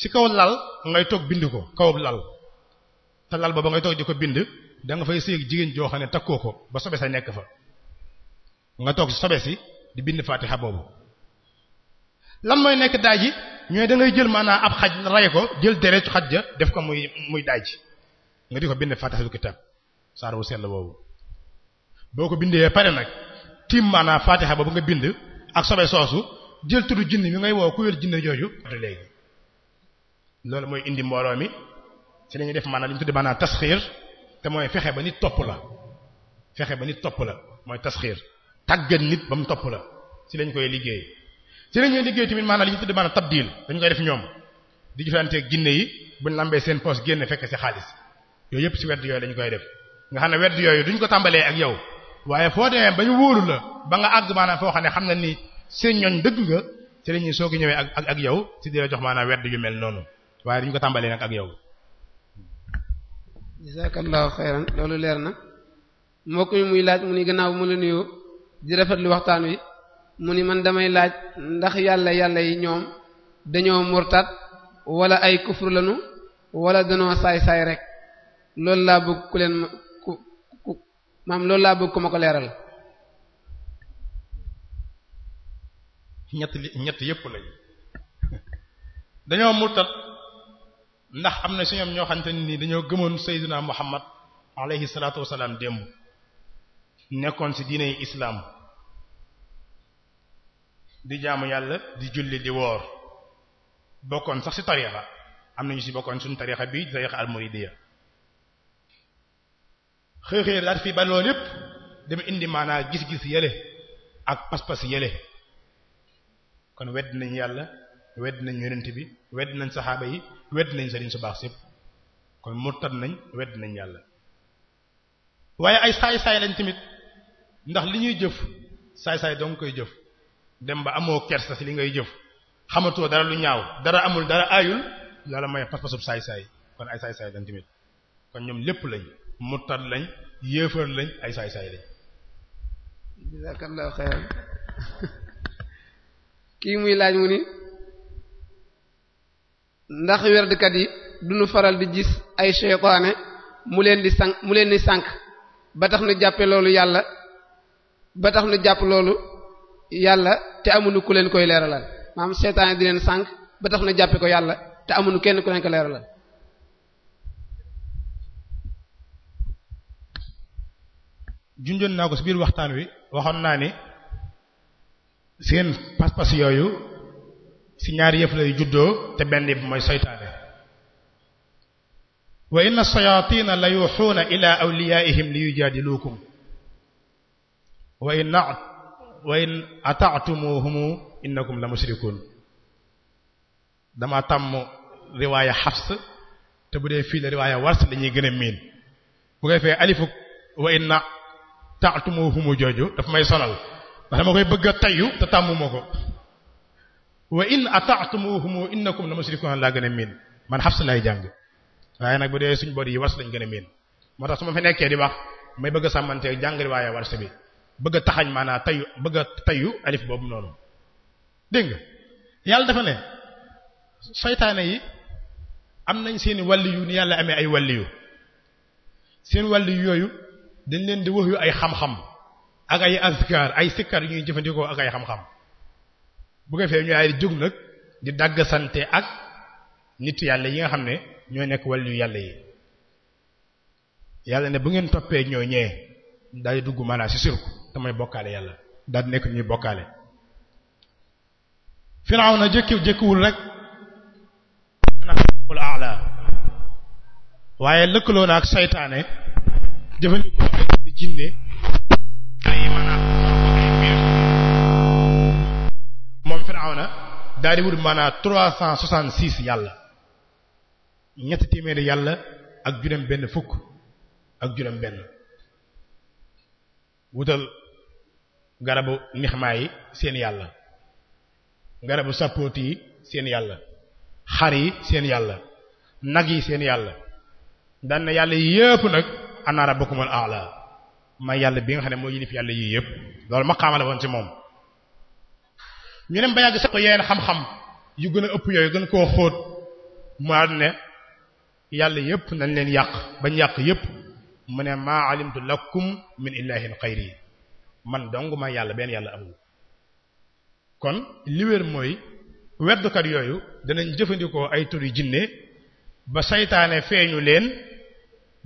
si kaw lal ngay toog bind ko kaw lal te lal booba ngay toog di ko bind da nga fay séeg jigéen joo xam ne takkoo ko ba sobe sa nekk fa nga toog sobe si di bind fatiha boobu lan mooy nekk daaj yi ñooy da ngay jël maanaam ab xaj ray ko jël deretu xaj ja def ko muy muy daaj nga di ko bind fatihatul kitab saar wu la boobu boo ko bindee pare nag tiim maanaam fatiha boobu nga bind ak sobe soosu jël tuddu jinni mi ngay woo ku wér jinni jooju léegi loolu mooy indi mbooloo mi ci lañuy def maanaam li ñu tudde maanaam tasxiir te mooy fexe ba nit topp la fexe ba nit topp la mooy tasxiir tàggat nit ba mu topp la ci lañ koy liggéey ci lañ koy liggéey tamit maanaam li ñu tuddee maanaam tabdil dañ koy def ñoom di jëflanteeg jinne yi buñ lambee seen poche génne fekk ci xaalis yooyu yëpp ci wedd yooyu lañ koy def nga xam ne wedd yooyu duñ ko tàmbalee ak yow waaye foo demee ba ñu wóolu la ba nga àgg maanaam foo xam ne xam na ni seen ñooñ dëgg nga ci la ñuy soog a ñëwee ak ak yow si di la jox maanaam wedd yu mel noonu waaye duñ ko tàmbalee nag na mbokk mi muy laaj mu ni di rafet lu waxtaan wi mu ni man damay laaj ndax yàlla yàlla yi ñoom dañoo murtad wala ay kufur lañu wala dañoo saay-saay rekk loolu laa bëgg ku leen ku ku maam loolu laa bëgg ku ma ko leeral. ñett ñett yépp lañ dañoo murtad ndax am na si ñoom ñoo xamante ni dañoo gëmoon Seydina Muhammad alayhi salaatu wassalaam démb. nekkoon ci diiney islaam di jaamu yàlla di julli di woor bokkoon sax ci tarixa am nañu ci bokkoon suñu tariixa bi tariixa almuridiya xëy xëy daal fii ba loolu yépp dem indi maanaa gis-gis yële ak pas-pas yële kon wedd nañ yàlla wedd nañ yonent bi wedd nañ saxaaba yi wedd nañ sëriñ su baax sépp kon murtad nañ wedd nañ yàlla waaye ay saay saay lañ tamit ndax li ñuy jëf saay-saay doo nga koy jëf dem ba amoo kersa si li ngay jëf xamatoo dara lu ñaaw dara amul dara aayul loola may pas-pasub saay-saay kon ay saay-saay lañ kon ñoom lépp lañ murtad lañ yéefar lañ ay saay-saay lañ. jazakallahu xayran kii muy laaj mu ni ndax werdkat yi duñu faral di gis ay seytaane mu leen di sànq mu leen di sànq ba tax nu jàppe loolu yàlla ba tax nu jàpp loolu yàlla te amuñu ku leen koy leeralal maam seetaan di leen sànq ba tax nu jàppe ko yàlla te amuñu kenn ku leen ko leeralal junjoon naa ko ci biir waxtaan wi waxoon naa ni seen pas-pas yooyu ci ñaar yëf lay juddoo te benn bi mooy seytaane wa inna shayaatiina la yuuxuuna ilaa awliyaa'ihim li yujaadiluukum wa in wa in ata'tumuhum la mushrikun dama tàmm riwaaya Hafs te bu dee fii la riwaaya Wars lañuy gën a miin bu koy fee alifu wa in ata'tumuhum jooju daf may sonal ndax dama koy bëgg a tayyu te tàmmuma ko wa in ata'tumuhum innakum la mushrikun laa gën a miin man Hafs lay jàng waaye nag bu dee suñ bor yi Wars lañ gën a miin moo tax su ma fi nekkee di wax may bëgg a sàmmante jàng riwaaya Wars bi bëgg a taxañ maanaa tayu bëgg a tayu alif boobu noonu dégg nga yàlla dafa ne saytaane yi am nañ seeni wàlliyu ni yàlla amee ay wàlliyu seen wàlliyu yooyu dañ leen di wax yu ay xam-xam ak ay azkar ay sikkar yu ñuy jëfandikoo ak ay xam-xam bu ko fee ñu ay jóg nag di dagg ak nit yàlla yi nga xam ne ñoo nekk wàlliyu yàlla yi yàlla ne bu ngeen toppee ñoo ñee day dugg maanaa si sirku damay bokkaale yàlla daal di nekk ñuy bokkaale Firawna jëkki jëkkiwul rek waaye lëkkaloo na ak saytaane jëfandikoo ay di jinne yi maanaam daal di wut maanaam trois cent soixante-six yàlla ñetti téeméeri yàlla ak juróom benn fukk ak juróom benn wutal garabu nixmaa seen yàlla garabu sapooti yi seen yàlla xar yi seen yàlla nag yi seen yàlla daan na yàlla yépp nag ana rabbukumul a'la ma yàlla bi nga xam ne moo yàlla yii yépp loolu ma xaamale woon ci moom ñu ne ba yàgg sax ko yeneen xam-xam yu gën a ëpp yooyu gën koo xóot mu ne yàlla yépp nañ leen yàq bañ yàq yépp mu ne maa alimtu lakum min ilahin xayri man dong may yàlla benn yàlla amul kon li wér mooy weddukat yooyu danañ jëfandikoo ay turi jinne ba seytaane feeñu leen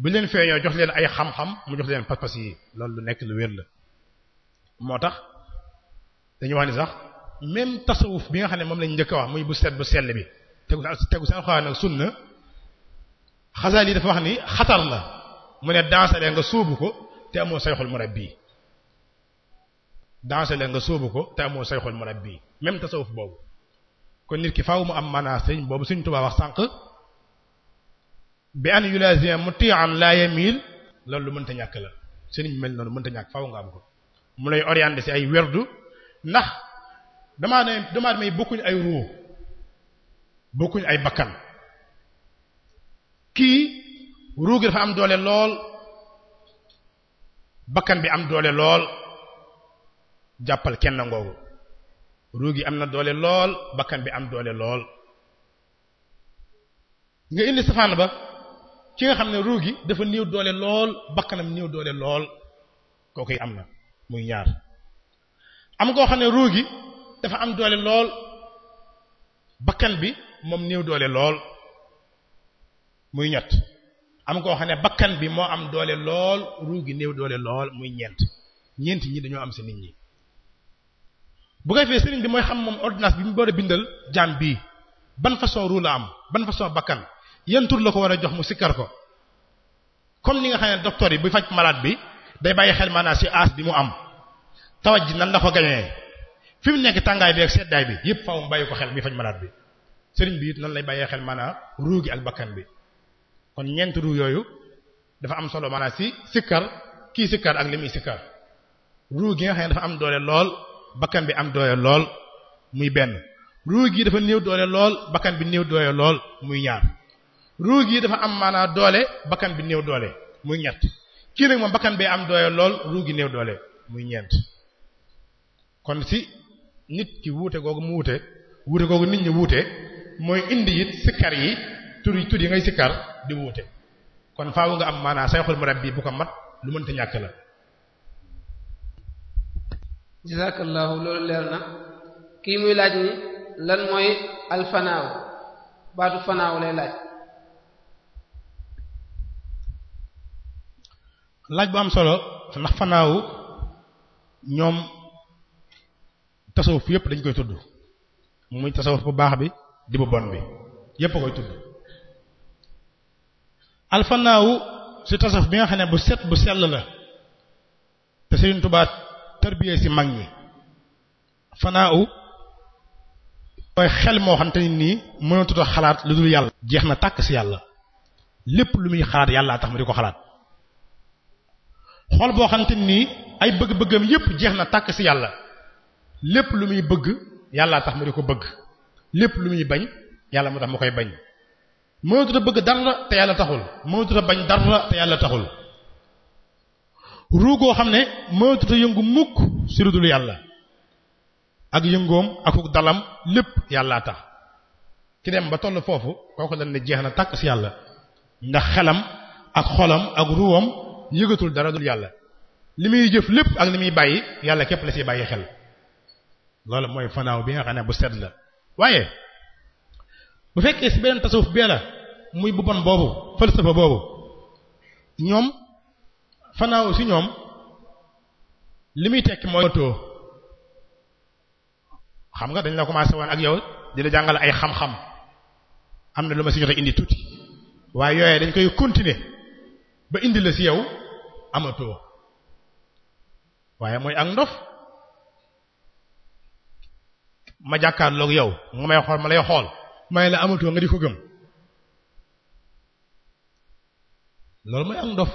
bu leen feeñoo jox leen ay xam-xam mu jox leen pas-pas yi loolu lu nekk lu wér la moo tax dañu wax ni sax même tasawuf bi nga xam ne moom lañ njëkk a wax muy bu set bu sell bi tegu tegu seen xawaar nag sunna xasaal yi dafa wax ni xatar la mu ne dansale nga suubu ko te amoo sayxul murabbi danger la nga sóobu ko te amoo sayxul murabbi même tasawuf boobu kon nit ki faaw mu am maanaa sëñ boobu Sëriñ Tuubaa wax sànq bi an yulazima muti'an la yamil loolu lu mënta ñàkk la sëriñ mel noonu mënta ñàkk faaw nga am ko mu lay orienté ci ay werdu ndax damaa ne damaa may bokkuñ ay ruu bokkuñ ay bakkan kii ruu gi dafa am doole lool bakkan bi am doole lool jàppal kenn ngoogu ruugi am na doole lool bakkan bi am doole lool nga indi safaan ba ci nga xam ne ruugi dafa néew doole lool bakkanam néew doole lool kooku am na muy ñaar am koo xam ne ruugi dafa am doole lool bakkan bi moom néew doole lool muy ñett am koo xam ne bakkan bi moo am doole lool ruugi néew doole lool muy ñeent ñeent ñi dañoo am ci nit ñi bu ko defee sëriñ bi mooy xam moom ordonnance bi mu war a bindal jaam bii ban façon ru la am ban façon bakkan yan tur la ko war a jox mu sikkar ko comme ni nga xam ne docteur yi bu faj malade bi day bàyyi xel manaa si as bi mu am tawaj ji nan la ko gañee fi mu nekk tàngaay bi ak seddaay bi yëpp faaw mu bàyyi ko xel muy faj malade bi sëriñ bi it nan lay bàyyee xel maanaam ruu gi ak bakkan bi kon ñeent ruu yooyu dafa am solo maanaam si sikkar kii sikkar ak li gi nga xam ne dafa am doole lool. bakkan bi am doole lool muy benn ruu gi dafa néew doole lool bakkan bi néew doole lool muy ñaar ruu gi dafa am maanaa doole bakkan bi néew doole muy ñett kii nag bakkan bee am doole lool ruu gi néew doole muy ñeent kon si nit ki wuute googu mu wuute wuute googu nit ñi wuute mooy indi it sikkar yi tur yi tur yi ngay sikkar di wuute kon faawu nga am maanaa sayxul murabbi bu ko mat lu mënta ñàkk la jazakallahu loolu leer na kii muy laaj ni lan mooy alfanaaw baatu fanaaw lay laaj laaj bu am solo ndax fanaaw ñoom tasawuf yépp dañ koy tudd muy tasawuf bu baax bi di bu bon bi yépp koy tudd alfanaaw ci tasawuf bi nga xam ne bu set bu sell la te Serigne Touba tërbiyee si mag ñi fanaaw mooy xel moo xam te ni nii mënatut xalaat lu dul yàlla jeex na tàkk si yàlla lépp lu muy xalaat yàllaa tax mu di ko xalaat xol boo xam te nii ay bëgg-bëggam yépp jeex na tàkk si yàlla lépp lu muy bëgg yàllaa tax mu di ko bëgg lépp lu muy bañ yàlla moo tax mu koy bañ mënatut a bëgg dara te yàlla taxul mënatut a bañ dara te yàlla taxul goo xam ne mënatuta yëngu mukk si lu dul yàlla ak yëngoom akuk dalam lépp yàllaa tax ki dem ba toll foofu kooku dañ ne jeex na tàkk si yàlla ndax xelam ak xolam ak ruwam yëgatul dara dul yàlla li muy jëf lépp ak li muy bàyyi yàlla képp la si bàyyi xel loolu mooy fanaaw bi nga xam ne bu sedd la waaye bu fekkee si beneen tasawuf bee la muy bu bon boobu falsafa boobu ñoom fanaaw si ñoom li muy tekki mooy too xam nga dañ la commencé woon ak yow di la jàngale ay xam-xam am na lu ma si jot indi tuuti waaye yooyee dañ koy continuer ba indi la si yow amatoo waaye mooy ak ndof ma jàkkaarloog yow nga may ma xool may la amatoo nga di ko gëm loolu mooy ak ndof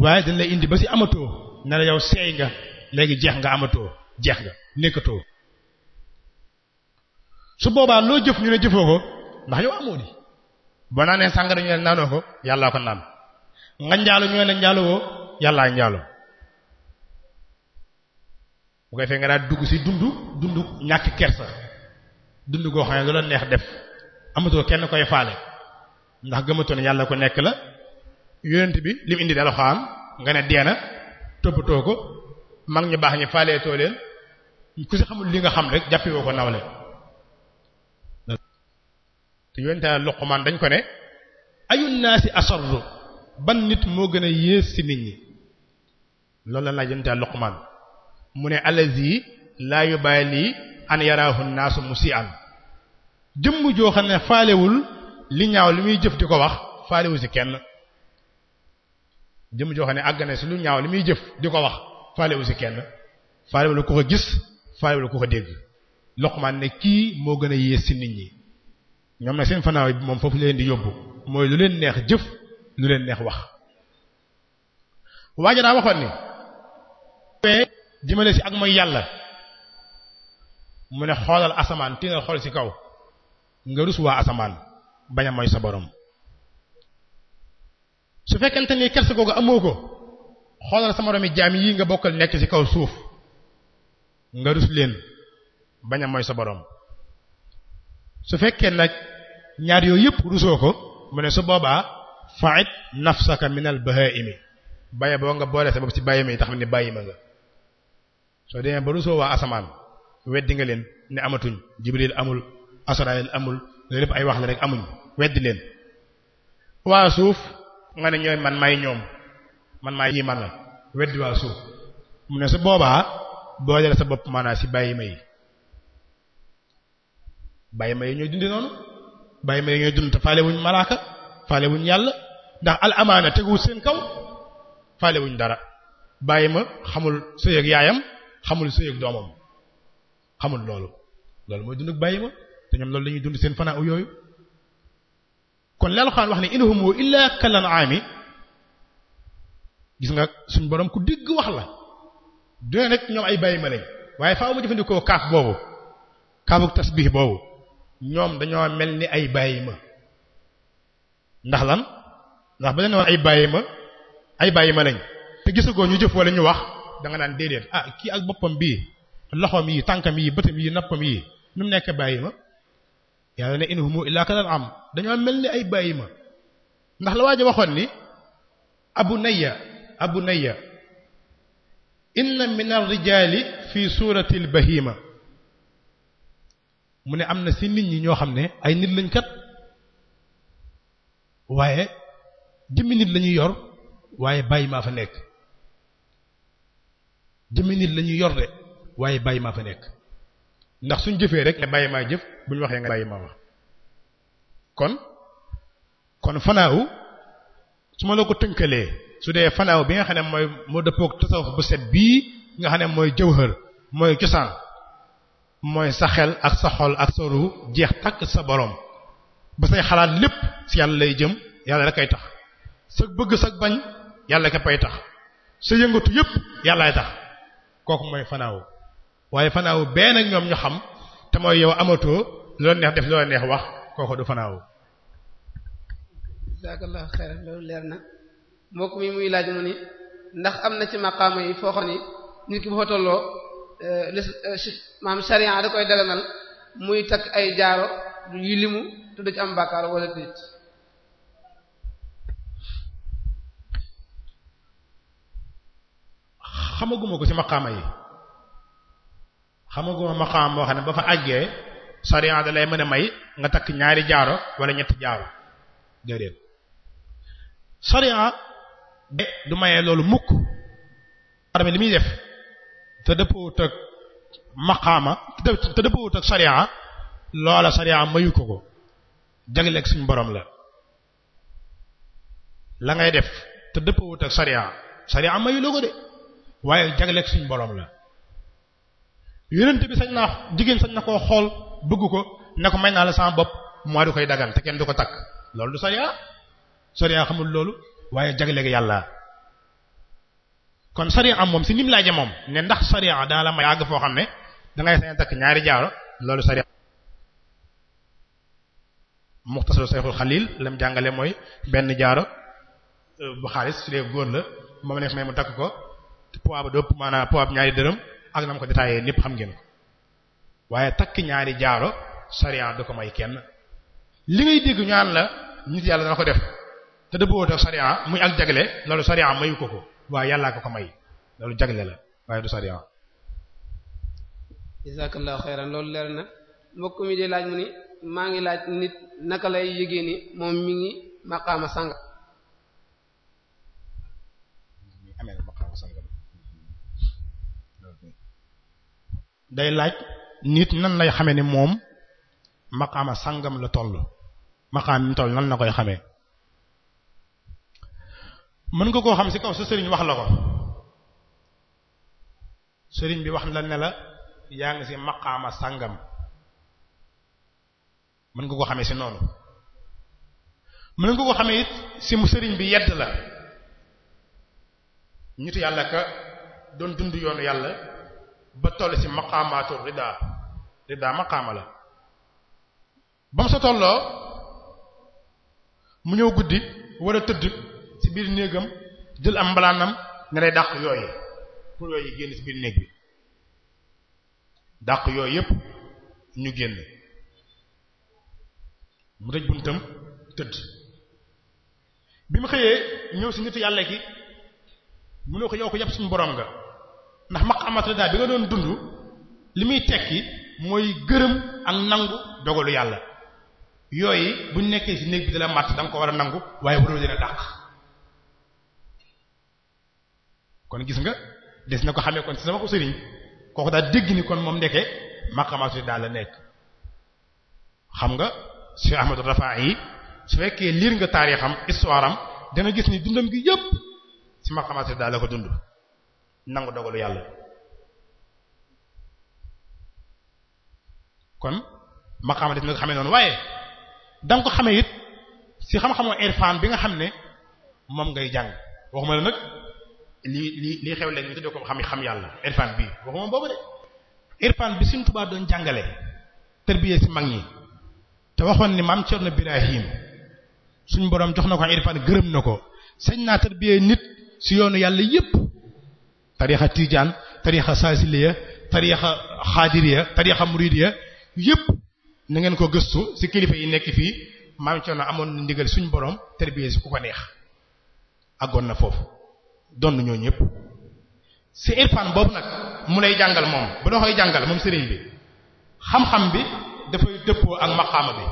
waaye dañ lay indi ba si amatoo ne yow seey nga léegi jeex nga amatoo jeex nga nekkatoo su boobaa loo jëf ñu ne jëfoo ko ndax yow amoo di ba naanee sàngara ñu ne naanoo ko yàllaa ko naan nga njaalo ñu ne njaalo yàllaa njaalo bu koy fee nga daal dugg si dund dund ñàkk kersa dund koo xam ne lu la neex def amatoo kenn koy faale ndax gëmatoon yàlla ko nekk la yonent bi li mu indi dal xaam nga ne deena toppatoo ko mag ñu baax ñu faaleetoo leen ku si xamul li nga xam rek jàppewoo ko nawle te yonent Luqmaan dañ ko ne ayun naasi asarru ban nit moo gën a yées ci nit ñi loolu la laaj yonent Luqmaan mu ne allazi laa yubaali an yaraahu naasu musii'an jëmm joo ne faalewul li ñaaw li muy jëf di ko wax faalewu ci kenn jëm joo xam ne àgg na si lu ñaaw li muy jëf di ko wax faalewu si kenn faalewu la ku ko gis faalewu la ku ko dégg Luqmaan ne kii moo gën a yées si nit ñi ñoom nag seen fanaaw moom foofu leen di yóbbu mooy lu leen neex jëf lu leen neex wax waaja daa waxoon ni jëmale si ak mooy yàlla mu ne xoolal asamaan tiinal xool si kaw nga rus waa asamaan bañ a mooy sa boroom su fekkente ni kersa googu amoo ko xoolal sama romi jaam yii nga bokkal nekk ci kaw suuf nga rus leen bañ mooy sa borom su fekkee nag ñaar yooyu yëpp rusoo ko mu ne su boobaa fa'id nafsaka minal bahaimi baye boo nga boole sa bopp ci bàyyi ma yi tax xam ne bàyyi ma nga soo demee ba rusoo waa asamaan weddi nga leen ne amatuñ jibril amul asrael amul loolu lépp ay wax la rek amuñ weddi leen waa suuf nga ne man may ñoom man may ñi man la weddi waa suuf mu ne su boobaa boojale sa bopp maanaam ci bàyyi ma yi bàyyi ma yi ñooy dundi noonu bàyyi ma yi ñooy dund te faale wuñ malaaka faale wuñ yàlla ndax al amaana teguwul seen kaw faale wuñ dara bàyyi ma xamul sëy ak yaayam xamul sëy ak doomam xamul loolu loolu mooy dund ak bàyyi ma te ñoom loolu lañuy dund seen fanaa u yooyu kon li alxuraan wax ne in hum illa kal an'ami gis nga suñ boroom ku digg wax la dune nag ñoom ay bàyyi ma lañ waaye fa mu jëfandikoo kaaf boobu kaafuk tasbih boobu ñoom dañoo mel ni ay bàyyi ma ndax lan ndax ba leen woon ay bàyyi ma ay bàyyi ma lañ te gisagoo ñu jëf walla ñu wax da nga naan déedéet a ah kii ak boppam bii loxoom yi tànkam yi bëtam yi noppam yi nu mu nekk bàyyi ma yàlla ne in humu illaa kalal am dañoo mel ni ay bàyyi ma ndax la waa waxoon ni abu nayya abu nayya inna min ar-rijaali fi suurati al-bahiima mu ne am na ci nit ñi ñoo xam ne ay nit lañ kat waaye jëmmi nit lañuy yor waaye bàyyi maa fa nekk jëmmi nit lañuy yor de waaye bàyyi maa fa nekk ndax suñ jëfee rek nga bàyyi maa jëf bu ñu waxee nga bàyyi maa wax kon kon fanaaw su ma la ko tënkalee su dee fanaaw bi nga xam ne mooy moo dëppook tasawuf bu set bii nga xam ne mooy jëwhër mooy cosaan mooy sa xel ak sa xol ak sa ru jeex takk sa boroom ba say xalaat lépp si yàlla lay jëm yàlla rek ay tax sa bëgg sa bañ yàlla képp ay tax sa yëngatu yépp yàllaay tax kooku mooy fanaaw waaye fanaaw benn ñoom ñu xam te mooy yow amatoo loo neex def loo neex wax kooku du fanaaw. jazakallahu xayran loolu leer na mbokk mi muy laaj mu ni ndax am na ci maqaama yi foo xam ni nit ki bu fa tolloo euh, euh, maam sharia da koy daganal muy takk ay jaaro yu limu te du ci am bàkkaar wala déet. xamaguma ko ci maqaama yi. xamagoo maqaam boo xam ne ba fa àggee sariya da lay mën a may nga takk ñaari jaaro wala ñetti jaaro déedéet sariya de du mayee loolu mukk arme li muy def te dëppoowut ak maqaama te dëppoowut ak sariya loola sariya mayu ko ko jagleeg suñu borom la la ngay def te dëppoowut ak sariya sariya mayu loo ko de waaye jagleeg suñu borom la yonent bi sañ naa jigéen sañ na koo xool bëgg ko ne ko may naa la sama bopp mooy du koy dagan te kenn du ko takk loolu du sariya sariya xamul loolu waaye jagleeg yàlla kon sariya am moom si nim laaj moom ne ndax sariya daal la may àgg foo xam ne dangay sañ takk ñaari jaaro loolu sariya muxtasar Sayxul Xaliil lam jàngale mooy benn jaaro euh, bu xaalis su dee góor la moom neex may mu takk ko poids ba dëpp maanaam ñaari dërëm ak na ma ko détaillé lépp xam ngeen ko waaye takk ñaari jaaro sariya du ko may kenn li ngay dégg ñaan la nit yàlla dana ko def te dëbb woo def sariya muy ak jagle loolu sariya mayu ko ko waaye yàllaa ko ko may loolu jagle la waaye du sariya jazakallahu xeyran loolu leer na mbokk mi di laaj mu ni maa ngi laaj nit naka lay yëgee moom mi ngi maqaama sàng day laaj nit nan lay xamee ni moom maqaama sàngam la toll maqaam mi toll nan la koy xamee mën nga koo xam ci kaw sa sëriñ wax la ko sëriñ bi wax la ne la yaa ngi si maqaama sàngam mën nga koo xame si noonu mën nga ko xamee it ci sëriñ bi yedd la nitu yàlla ka doon dund yoonu yàlla ba toll ci maqaamaatu rida rida maqaama la ba mu sa tolloo mu ñëw guddi war a tëdd ci biir néegam jël am mbalaanam ne day dàq yooyu pour yooyu génn ci biir néeg bi dàq yooyu yépp ñu génn mu tëj buntam tëdd bi mu xëyee ñëw si nitu yàlla ki mu ne ko yow ko yàpp suñu boroom nga ndax maqamat rida bi nga doon dund li muy tekki mooy gërëm ak nangu dogalu yàlla yooyu buñ nekkee ci néeg bi dala màtt da ko war a nangu waaye bu doo dina dàq kon gis nga des na ko xamee kon ci sama ko sëriñ kooku daal dégg ni kon moom ndeke maqamat daal la nekk xam nga Cheikh Ahmadou yi su fekkee liir nga taarixam histoire am danga gis ni dundam gi yëpp ci maqamat daal la ko dund nangu dogalu yàlla kon maqaama def na ko xamee noonu waaye danga ko xamee it si xam-xamoo irfan bi nga xam ne moom ngay jàng waxuma la nag li li xew léegi ñu xam yàlla irfan bii waxuma bi Sëriñ Tuubaa doon jàngale tërbiye si mag ñi te waxoon ni maam Cerno Birahim suñ boroom jox na ko irfan gërëm na ko sañ naa tërbiye nit si yoonu yàlla yépp tarixa tijaan tarixa saasiliya tarixa xaadiriya tarixa muridiya yépp na ngeen ko gëstu ci kilifa yi nekk fii maam na amoon na ndigal suñu borom terbiye ci ku ko neex àggoon na foofu doon ñoo ñëpp ci irfan boobu nag mu lay jàngal moom bu la jàngal moom sëriñ bi xam-xam bi dafay dëppoo ak maqaama bi